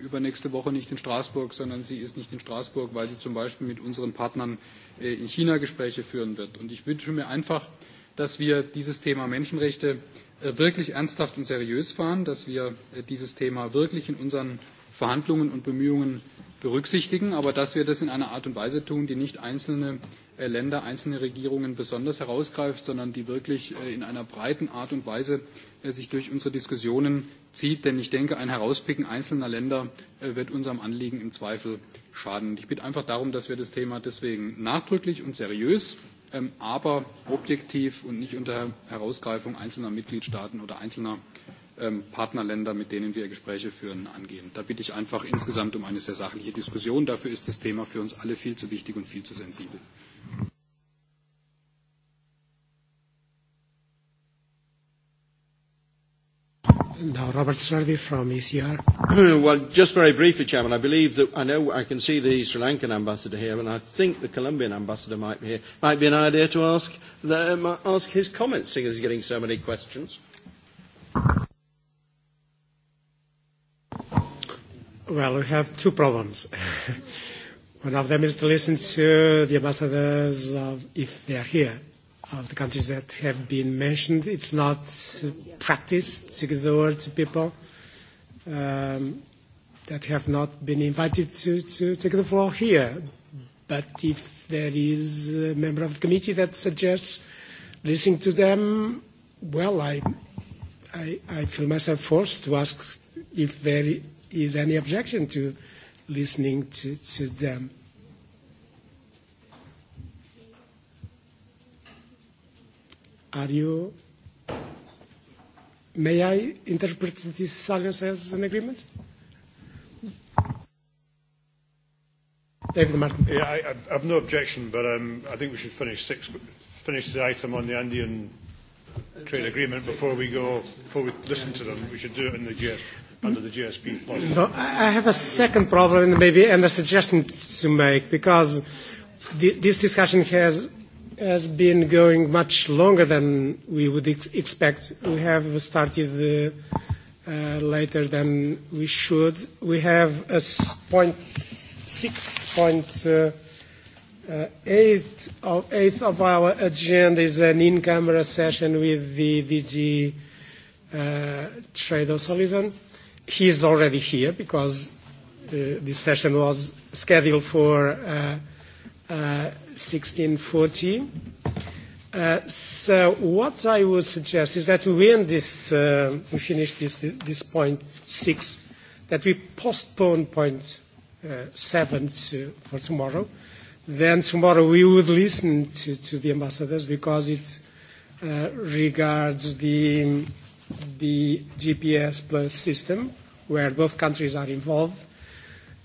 [SPEAKER 2] übernächste Woche nicht in Straßburg, sondern sie ist nicht in Straßburg, weil sie zum Beispiel mit unseren Partnern in China Gespräche führen wird. Und ich wünsche mir einfach, dass wir dieses Thema Menschenrechte wirklich ernsthaft und seriös fahren, dass wir dieses Thema wirklich in unseren Verhandlungen und Bemühungen berücksichtigen, aber dass wir das in einer Art und Weise tun, die nicht einzelne Länder, einzelne Regierungen besonders herausgreift, sondern die wirklich in einer breiten Art und Weise sich durch unsere Diskussionen zieht. Denn ich denke, ein Herauspicken einzelner Länder wird unserem Anliegen im Zweifel schaden. Ich bitte einfach darum, dass wir das Thema deswegen nachdrücklich und seriös, aber objektiv und nicht unter Herausgreifung einzelner Mitgliedstaaten oder einzelner Partnerländer, mit denen wir Gespräche führen, angehen. Da bitte ich einfach insgesamt um eine sehr sachliche Diskussion. Dafür ist das Thema für uns alle viel zu wichtig und viel zu sensibel.
[SPEAKER 6] Now, Robert Sturdy from ECR.
[SPEAKER 11] Well, just very briefly, Chairman, I believe that I know I can see the Sri Lankan ambassador here, and I think the Colombian ambassador might be here. Might be an idea to ask, them, ask his comments, seeing as he's getting so many questions.
[SPEAKER 6] Well, we have two problems. One of them is to listen to the ambassadors, of, if they are here, of the countries that have been mentioned. It's not practice to give the word to people um, that have not been invited to, to take the floor here. But if there is a member of the committee that suggests listening to them, well, I, I, I feel myself forced to ask if there is any objection to listening to, to them? Are you? May I interpret this silence as an agreement?
[SPEAKER 16] David Martin. Yeah, I, I have no objection, but um, I think we should finish six, finish the item on the Andean trade agreement before we go before we listen to them. We should do it in the GS under the GSP policy. No,
[SPEAKER 6] I have a second problem and maybe and a suggestion to make because the, this discussion has has been going much longer than we would ex- expect. We have started uh, uh, later than we should. We have a point six point. Uh, Uh, eighth, of, eighth of our agenda is an in-camera session with the DG uh, Trade Sullivan he is already here because uh, this session was scheduled for uh, uh, 1640. Uh, so what I would suggest is that we end this, uh, we finish this, this point six, that we postpone point uh, seven to, for tomorrow. Then tomorrow we would listen to, to the ambassadors because it uh, regards the the GPS Plus system, where both countries are involved.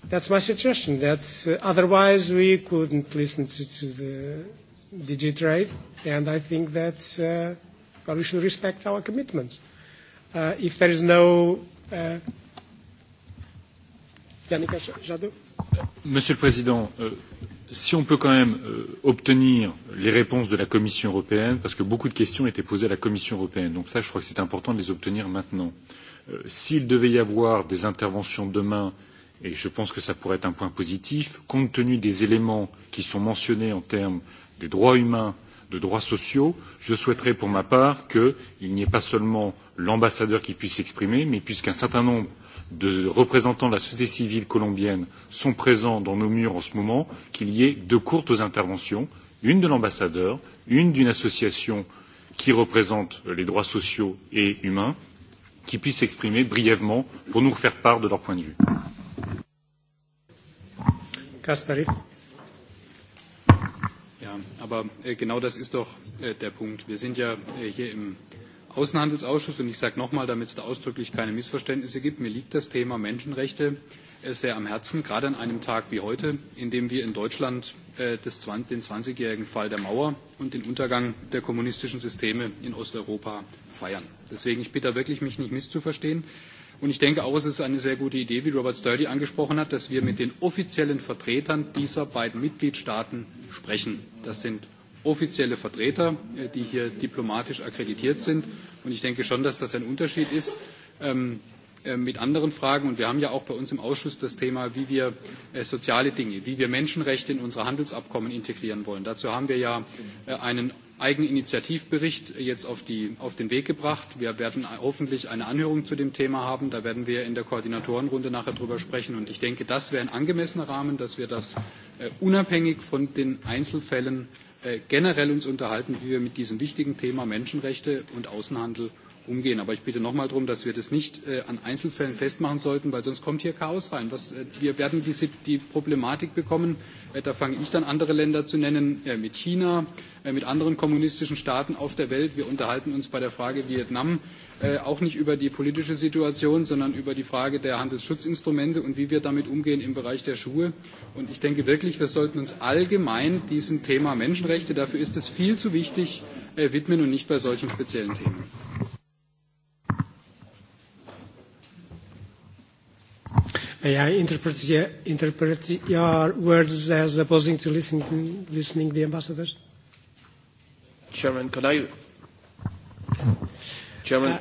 [SPEAKER 6] That's my suggestion. That's, uh, otherwise, we couldn't listen to, to the Digitrade, and I think that uh, well, we should respect our commitments. Uh, if there is no... Uh,
[SPEAKER 3] Monsieur le Président, si on peut quand même obtenir les réponses de la Commission européenne, parce que beaucoup de questions étaient posées à la Commission européenne, donc ça, je crois que c'est important de les obtenir maintenant. S'il devait y avoir des interventions demain, et je pense que cela pourrait être un point positif, compte tenu des éléments qui sont mentionnés en termes des droits humains, de droits sociaux, je souhaiterais pour ma part qu'il n'y ait pas seulement l'ambassadeur qui puisse s'exprimer, mais puisqu'un certain nombre de représentants de la société civile colombienne sont présents dans nos murs en ce moment, qu'il y ait deux courtes interventions, une de l'ambassadeur, une d'une association qui représente les droits sociaux et humains, qui puissent s'exprimer brièvement pour nous faire part de leur point de vue.
[SPEAKER 2] Ja, aber genau das ist doch der Punkt. Wir sind ja hier im Außenhandelsausschuss und ich sage nochmal, damit es da ausdrücklich keine Missverständnisse gibt, mir liegt das Thema Menschenrechte sehr am Herzen, gerade an einem Tag wie heute, in dem wir in Deutschland den zwanzigjährigen Fall der Mauer und den Untergang der kommunistischen Systeme in Osteuropa feiern. Deswegen, ich bitte wirklich, mich nicht misszuverstehen. Und ich denke auch, es ist eine sehr gute Idee, wie Robert Sturdy angesprochen hat, dass wir mit den offiziellen Vertretern dieser beiden Mitgliedstaaten sprechen. Das sind offizielle Vertreter, die hier diplomatisch akkreditiert sind. Und ich denke schon, dass das ein Unterschied ist mit anderen Fragen. Und wir haben ja auch bei uns im Ausschuss das Thema, wie wir soziale Dinge, wie wir Menschenrechte in unsere Handelsabkommen integrieren wollen. Dazu haben wir ja einen Eigeninitiativbericht jetzt auf, den Weg gebracht. Wir werden hoffentlich eine Anhörung zu dem Thema haben. Da werden wir in der Koordinatorenrunde nachher drüber sprechen. Und ich denke, das wäre ein angemessener Rahmen, dass wir das unabhängig von den Einzelfällen generell uns unterhalten, wie wir mit diesem wichtigen Thema Menschenrechte und Außenhandel umgehen. Aber ich bitte nochmal darum, dass wir das nicht an Einzelfällen festmachen sollten, weil sonst kommt hier Chaos rein. wir werden die Problematik bekommen, da fange ich dann andere Länder zu nennen, mit China, mit anderen kommunistischen Staaten auf der Welt. Wir unterhalten uns bei der Frage Vietnam auch nicht über die politische Situation, sondern über die Frage der Handelsschutzinstrumente und wie wir damit umgehen im Bereich der Schuhe. Und ich denke wirklich, wir sollten uns allgemein diesem Thema Menschenrechte, dafür ist es viel zu wichtig, widmen und nicht bei solchen speziellen Themen.
[SPEAKER 6] May I interpret, your interpret your words as opposing to listening, listening the ambassadors?
[SPEAKER 4] Chairman, can I, Chairman,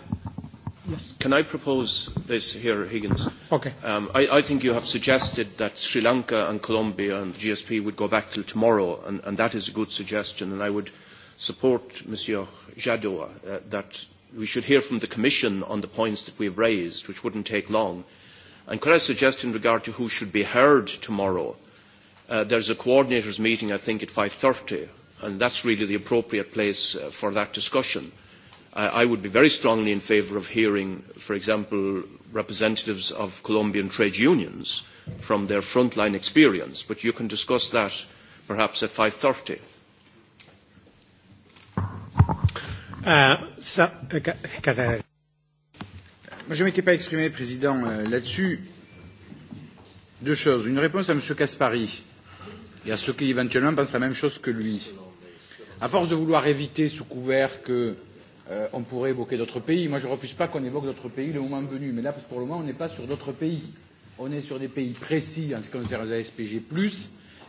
[SPEAKER 4] yes. can I propose this here, Higgins? Okay. Um, I, I think you have suggested that Sri Lanka and Colombia and GSP would go back till tomorrow, and, and that is a good suggestion, and I would support Monsieur Jadot uh, that we should hear from the Commission on the points that we have raised, which wouldn't take long, And could I suggest in regard to who should be heard tomorrow, uh, there's a coordinators meeting, I think, at 5.30, and that's really the appropriate place uh, for that discussion. I I would be very strongly in favour of hearing, for example, representatives of Colombian trade unions from their frontline experience, but you can discuss that perhaps at 5.30.
[SPEAKER 6] Uh, so, uh,
[SPEAKER 9] Moi, je ne m'étais pas exprimé, Président, là-dessus. Deux choses. Une réponse à M. Caspari et à ceux qui éventuellement pensent la même chose que lui. À force de vouloir éviter sous couvert que euh, on pourrait évoquer d'autres pays, moi je ne refuse pas qu'on évoque d'autres pays le moment venu, mais là pour le moment on n'est pas sur d'autres pays. On est sur des pays précis en ce qui concerne les ASPG+,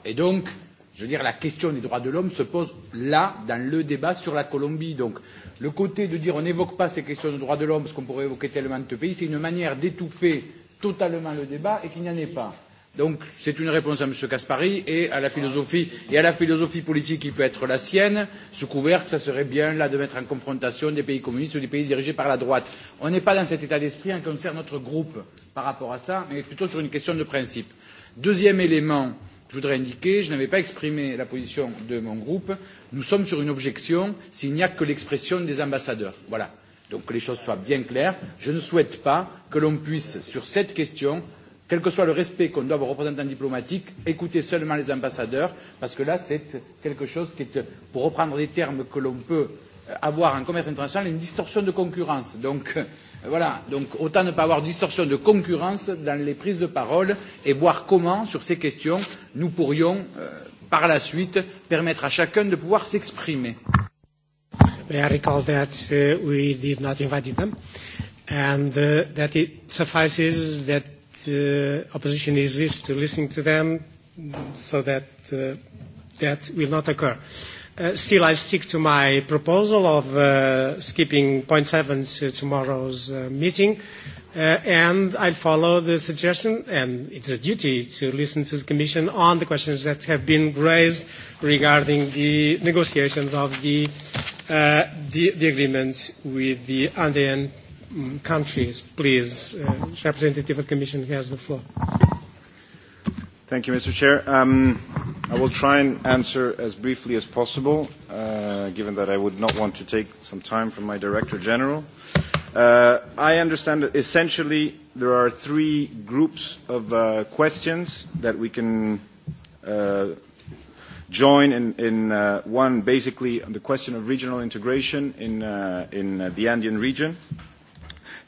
[SPEAKER 9] et donc, je veux dire, la question des droits de l'homme se pose là, dans le débat sur la Colombie. Donc, le côté de dire on n'évoque pas ces questions de droits de l'homme parce qu'on pourrait évoquer tellement de pays, c'est une manière d'étouffer totalement le débat et qu'il n'y en ait pas. Donc c'est une réponse à M. Caspary et à la philosophie et à la philosophie politique qui peut être la sienne, sous couvert que ça serait bien là de mettre en confrontation des pays communistes ou des pays dirigés par la droite. On n'est pas dans cet état d'esprit en concerne notre groupe par rapport à ça, mais plutôt sur une question de principe. Deuxième élément euh, Je voudrais indiquer, je n'avais pas exprimé la position de mon groupe, nous sommes sur une objection s'il n'y a que l'expression des ambassadeurs. Voilà. Donc que les choses soient bien claires, je ne souhaite pas que l'on puisse, sur cette question, quel que soit le respect qu'on doit aux représentants diplomatiques, écouter seulement les ambassadeurs, parce que là, c'est quelque chose qui est, pour reprendre des termes que l'on peut avoir en commerce international une distorsion de concurrence. Donc voilà, donc autant ne pas avoir de distorsion de concurrence dans les prises de parole et voir comment, sur ces questions, nous pourrions, euh, par la suite, permettre à chacun de pouvoir s'exprimer.
[SPEAKER 6] May I recall that uh, we did not invite them and uh, that it suffices that uh, opposition exists to listen to them so that uh, that will not occur. Uh, still, I stick to my proposal of uh, skipping point seven to tomorrow's uh, meeting, uh, and I follow the suggestion, and it's a duty to listen to the Commission on the questions that have been raised regarding the negotiations of the, uh, the, the agreements with the Andean countries. Please, uh, Representative of the Commission has the floor.
[SPEAKER 12] Thank you, Mr. Chair. Um, I will try and answer as briefly as possible, uh, given that I would not want to take some time from my Director General. Uh, I understand that essentially there are three groups of uh, questions that we can uh, join in, in uh, one, basically on the question of regional integration in, uh, in uh, the Andean region. Uh,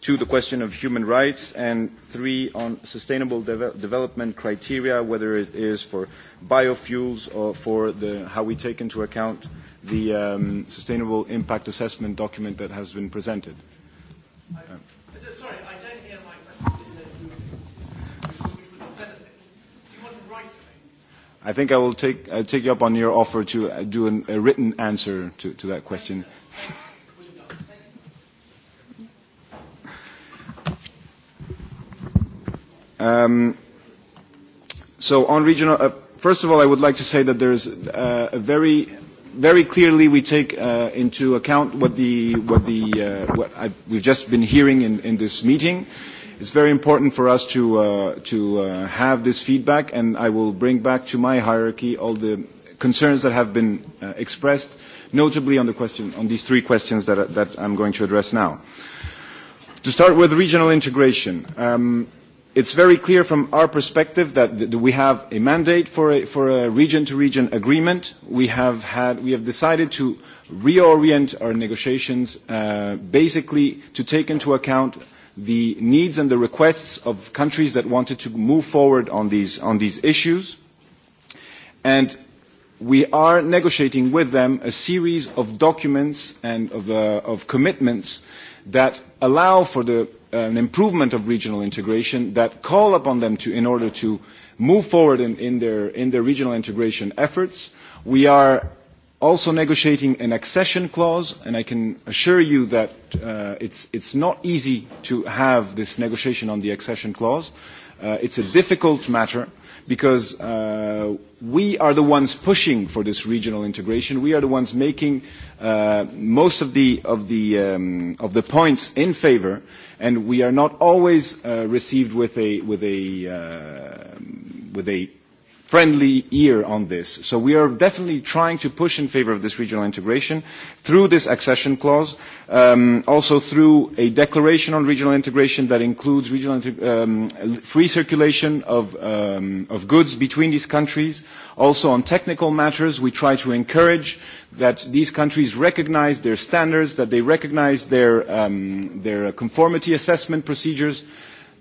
[SPEAKER 12] two, the question of human rights, and three, on sustainable development criteria, whether it is for biofuels or for the, how we take into account the um, sustainable impact assessment document that has been presented. I I think I will take, I'll take you up on your offer to do an, a written answer to, to that question. Thanks, Um, so on regional, uh, first of all, I would like to say that there's uh, a very very clearly we take uh, into account what the what the uh, what I've, we've just been hearing in, in this meeting. It's very important for us to uh, to uh, have this feedback, and I will bring back to my hierarchy all the concerns that have been uh, expressed, notably on the question on these three questions that that I'm going to address now. To start with, regional integration. Um, It's very clear from our perspective that we have a mandate for a region-to-region agreement. We have decided to reorient our negotiations, basically to take into account the needs and the requests of countries that wanted to move forward on these issues. And we are negotiating with them a series of documents and of commitments that allow for the an improvement of regional integration that call upon them to, in order to move forward in, in, their, in their regional integration efforts. We are also negotiating an accession clause, and I can assure you that uh, it's, it's not easy to have this negotiation on the accession clause Uh, it's a difficult matter because uh, we are the ones pushing for this regional integration. We are the ones making uh, most of the, of, the, um, of the points in favor, and we are not always uh, received with a, with a, uh, with a friendly ear on this. So we are definitely trying to push in favor of this regional integration through this accession clause, um, also through a declaration on regional integration that includes regional um, free circulation of, um, of goods between these countries. Also on technical matters, we try to encourage that these countries recognize their standards, that they recognize their, um, their conformity assessment procedures.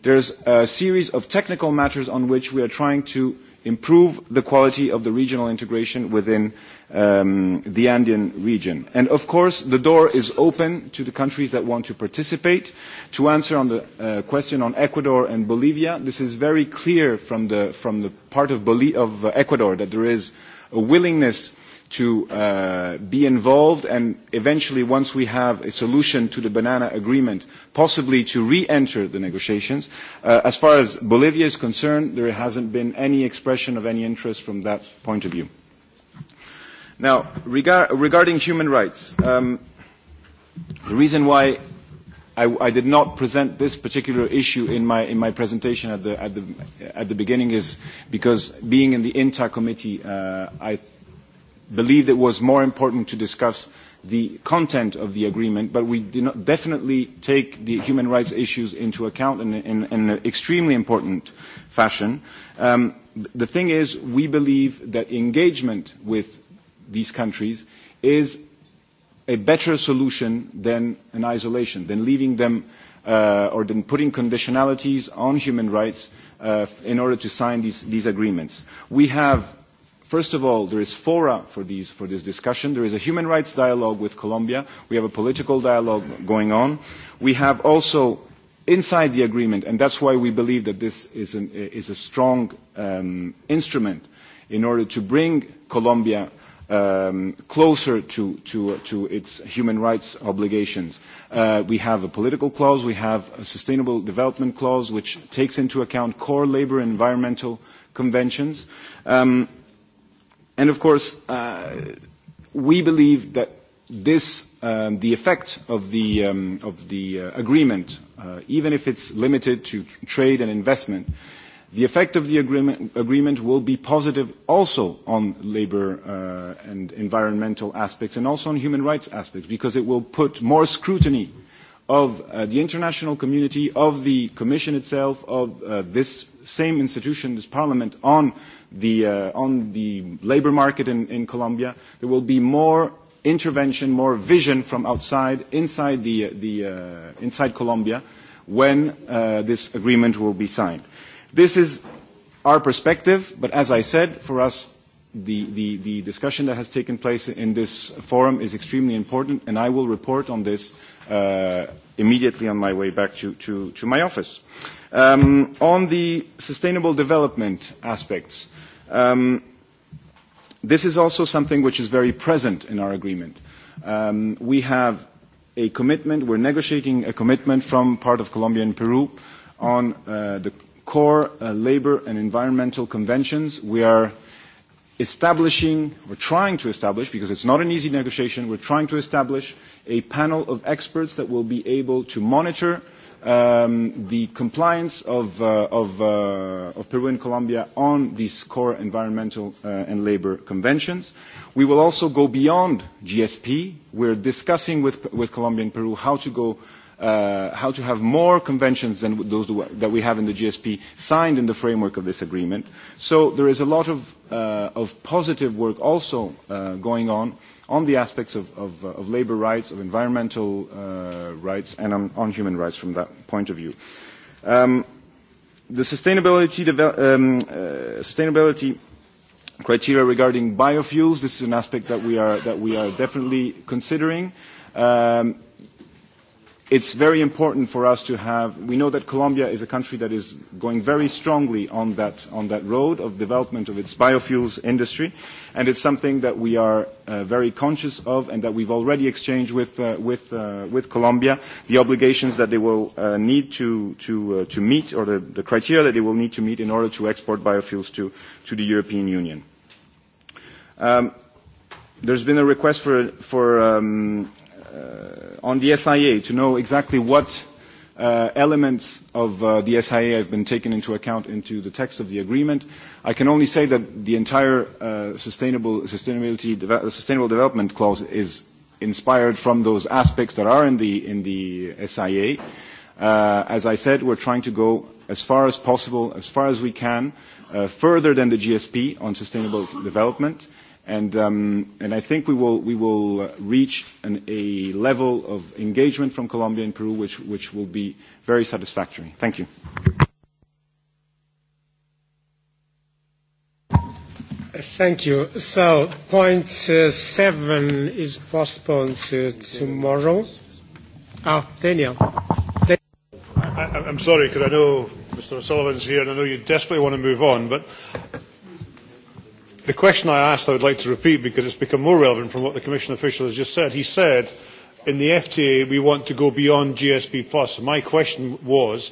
[SPEAKER 12] There's a series of technical matters on which we are trying to improve the quality of the regional integration within the Andean region. And of course, the door is open to the countries that want to participate. To answer on the question on Ecuador and Bolivia, this is very clear from the, part of, Ecuador that there is a willingness to uh, be involved and eventually once we have a solution to the banana agreement possibly to re-enter the negotiations. Uh, as far as Bolivia is concerned there hasn't been any expression of any interest from that point of view. Now regar regarding human rights, um, the reason why I, I did not present this particular issue in my, in my presentation at the, at, the, at the beginning is because being in the INTA committee, uh, I believed it was more important to discuss the content of the agreement, but we did not definitely take the human rights issues into account in, in, in an extremely important fashion. Um, the thing is, we believe that engagement with these countries is a better solution than an isolation, than leaving them uh, or than putting conditionalities on human rights uh, in order to sign these, these agreements. We have First of all, there is fora for, these, for this discussion. There is a human rights dialogue with Colombia. We have a political dialogue going on. We have also inside the agreement, and that's why we believe that this is, an, is a strong um, instrument in order to bring Colombia um, closer to, to, to its human rights obligations. Uh, we have a political clause, we have a sustainable development clause, which takes into account core labor and environmental conventions. Um, And of course, uh, we believe that this, um, the effect of the, um, of the uh, agreement, uh, even if it's limited to trade and investment, the effect of the agreement, agreement will be positive also on labor uh, and environmental aspects and also on human rights aspects because it will put more scrutiny of uh, the international community, of the Commission itself, of uh, this same institution, this Parliament, on the, uh, on the labor market in, in Colombia. There will be more intervention, more vision from outside, inside, the, the, uh, inside Colombia, when uh, this agreement will be signed. This is our perspective, but as I said, for us the, the, the discussion that has taken place in this forum is extremely important, and I will report on this uh, immediately on my way back to, to, to my office. Um, on the sustainable development aspects, um, this is also something which is very present in our agreement. Um, we have a commitment, we're negotiating a commitment from part of Colombia and Peru on uh, the core uh, labor and environmental conventions. We are establishing, we're trying to establish, because it's not an easy negotiation, we're trying to establish a panel of experts that will be able to monitor um, the compliance of, uh, of, uh, of Peru and Colombia on these core environmental uh, and labor conventions. We will also go beyond GSP. We're discussing with, with Colombia and Peru how to go uh, how to have more conventions than those that we have in the GSP signed in the framework of this agreement. So there is a lot of, uh, of positive work also uh, going on on the aspects of, of, of labor rights, of environmental uh, rights, and on, on human rights from that point of view. Um, the sustainability, um, uh, sustainability criteria regarding biofuels, this is an aspect that we are, that we are definitely considering. Um, It's very important for us to have, we know that Colombia is a country that is going very strongly on that, on that road of development of its biofuels industry, and it's something that we are uh, very conscious of and that we've already exchanged with, uh, with, uh, with Colombia, the obligations that they will uh, need to, to, uh, to meet or the, the criteria that they will need to meet in order to export biofuels to, to the European Union. Um, there's been a request for, for um, on the SIA to know exactly what uh, elements of uh, the SIA have been taken into account into the text of the agreement. I can only say that the entire uh, sustainable, sustainability, de- sustainable development clause is inspired from those aspects that are in the, in the SIA. Uh, as I said, we're trying to go as far as possible, as far as we can, uh, further than the GSP on sustainable development. Uh, And, um, and I think we will, we will reach an, a level of engagement from Colombia and Peru which, which will be very
[SPEAKER 6] satisfactory. Thank you. Thank you. So point uh, seven is postponed to tomorrow.
[SPEAKER 16] Ah, Daniel. Daniel. I, I'm sorry, because I know Mr. O'Sullivan's here, and I know you desperately want to move on, but The question I asked I would like to repeat because it's become more relevant from what the Commission official has just said. He said, in the FTA we want to go beyond GSP+. My question was,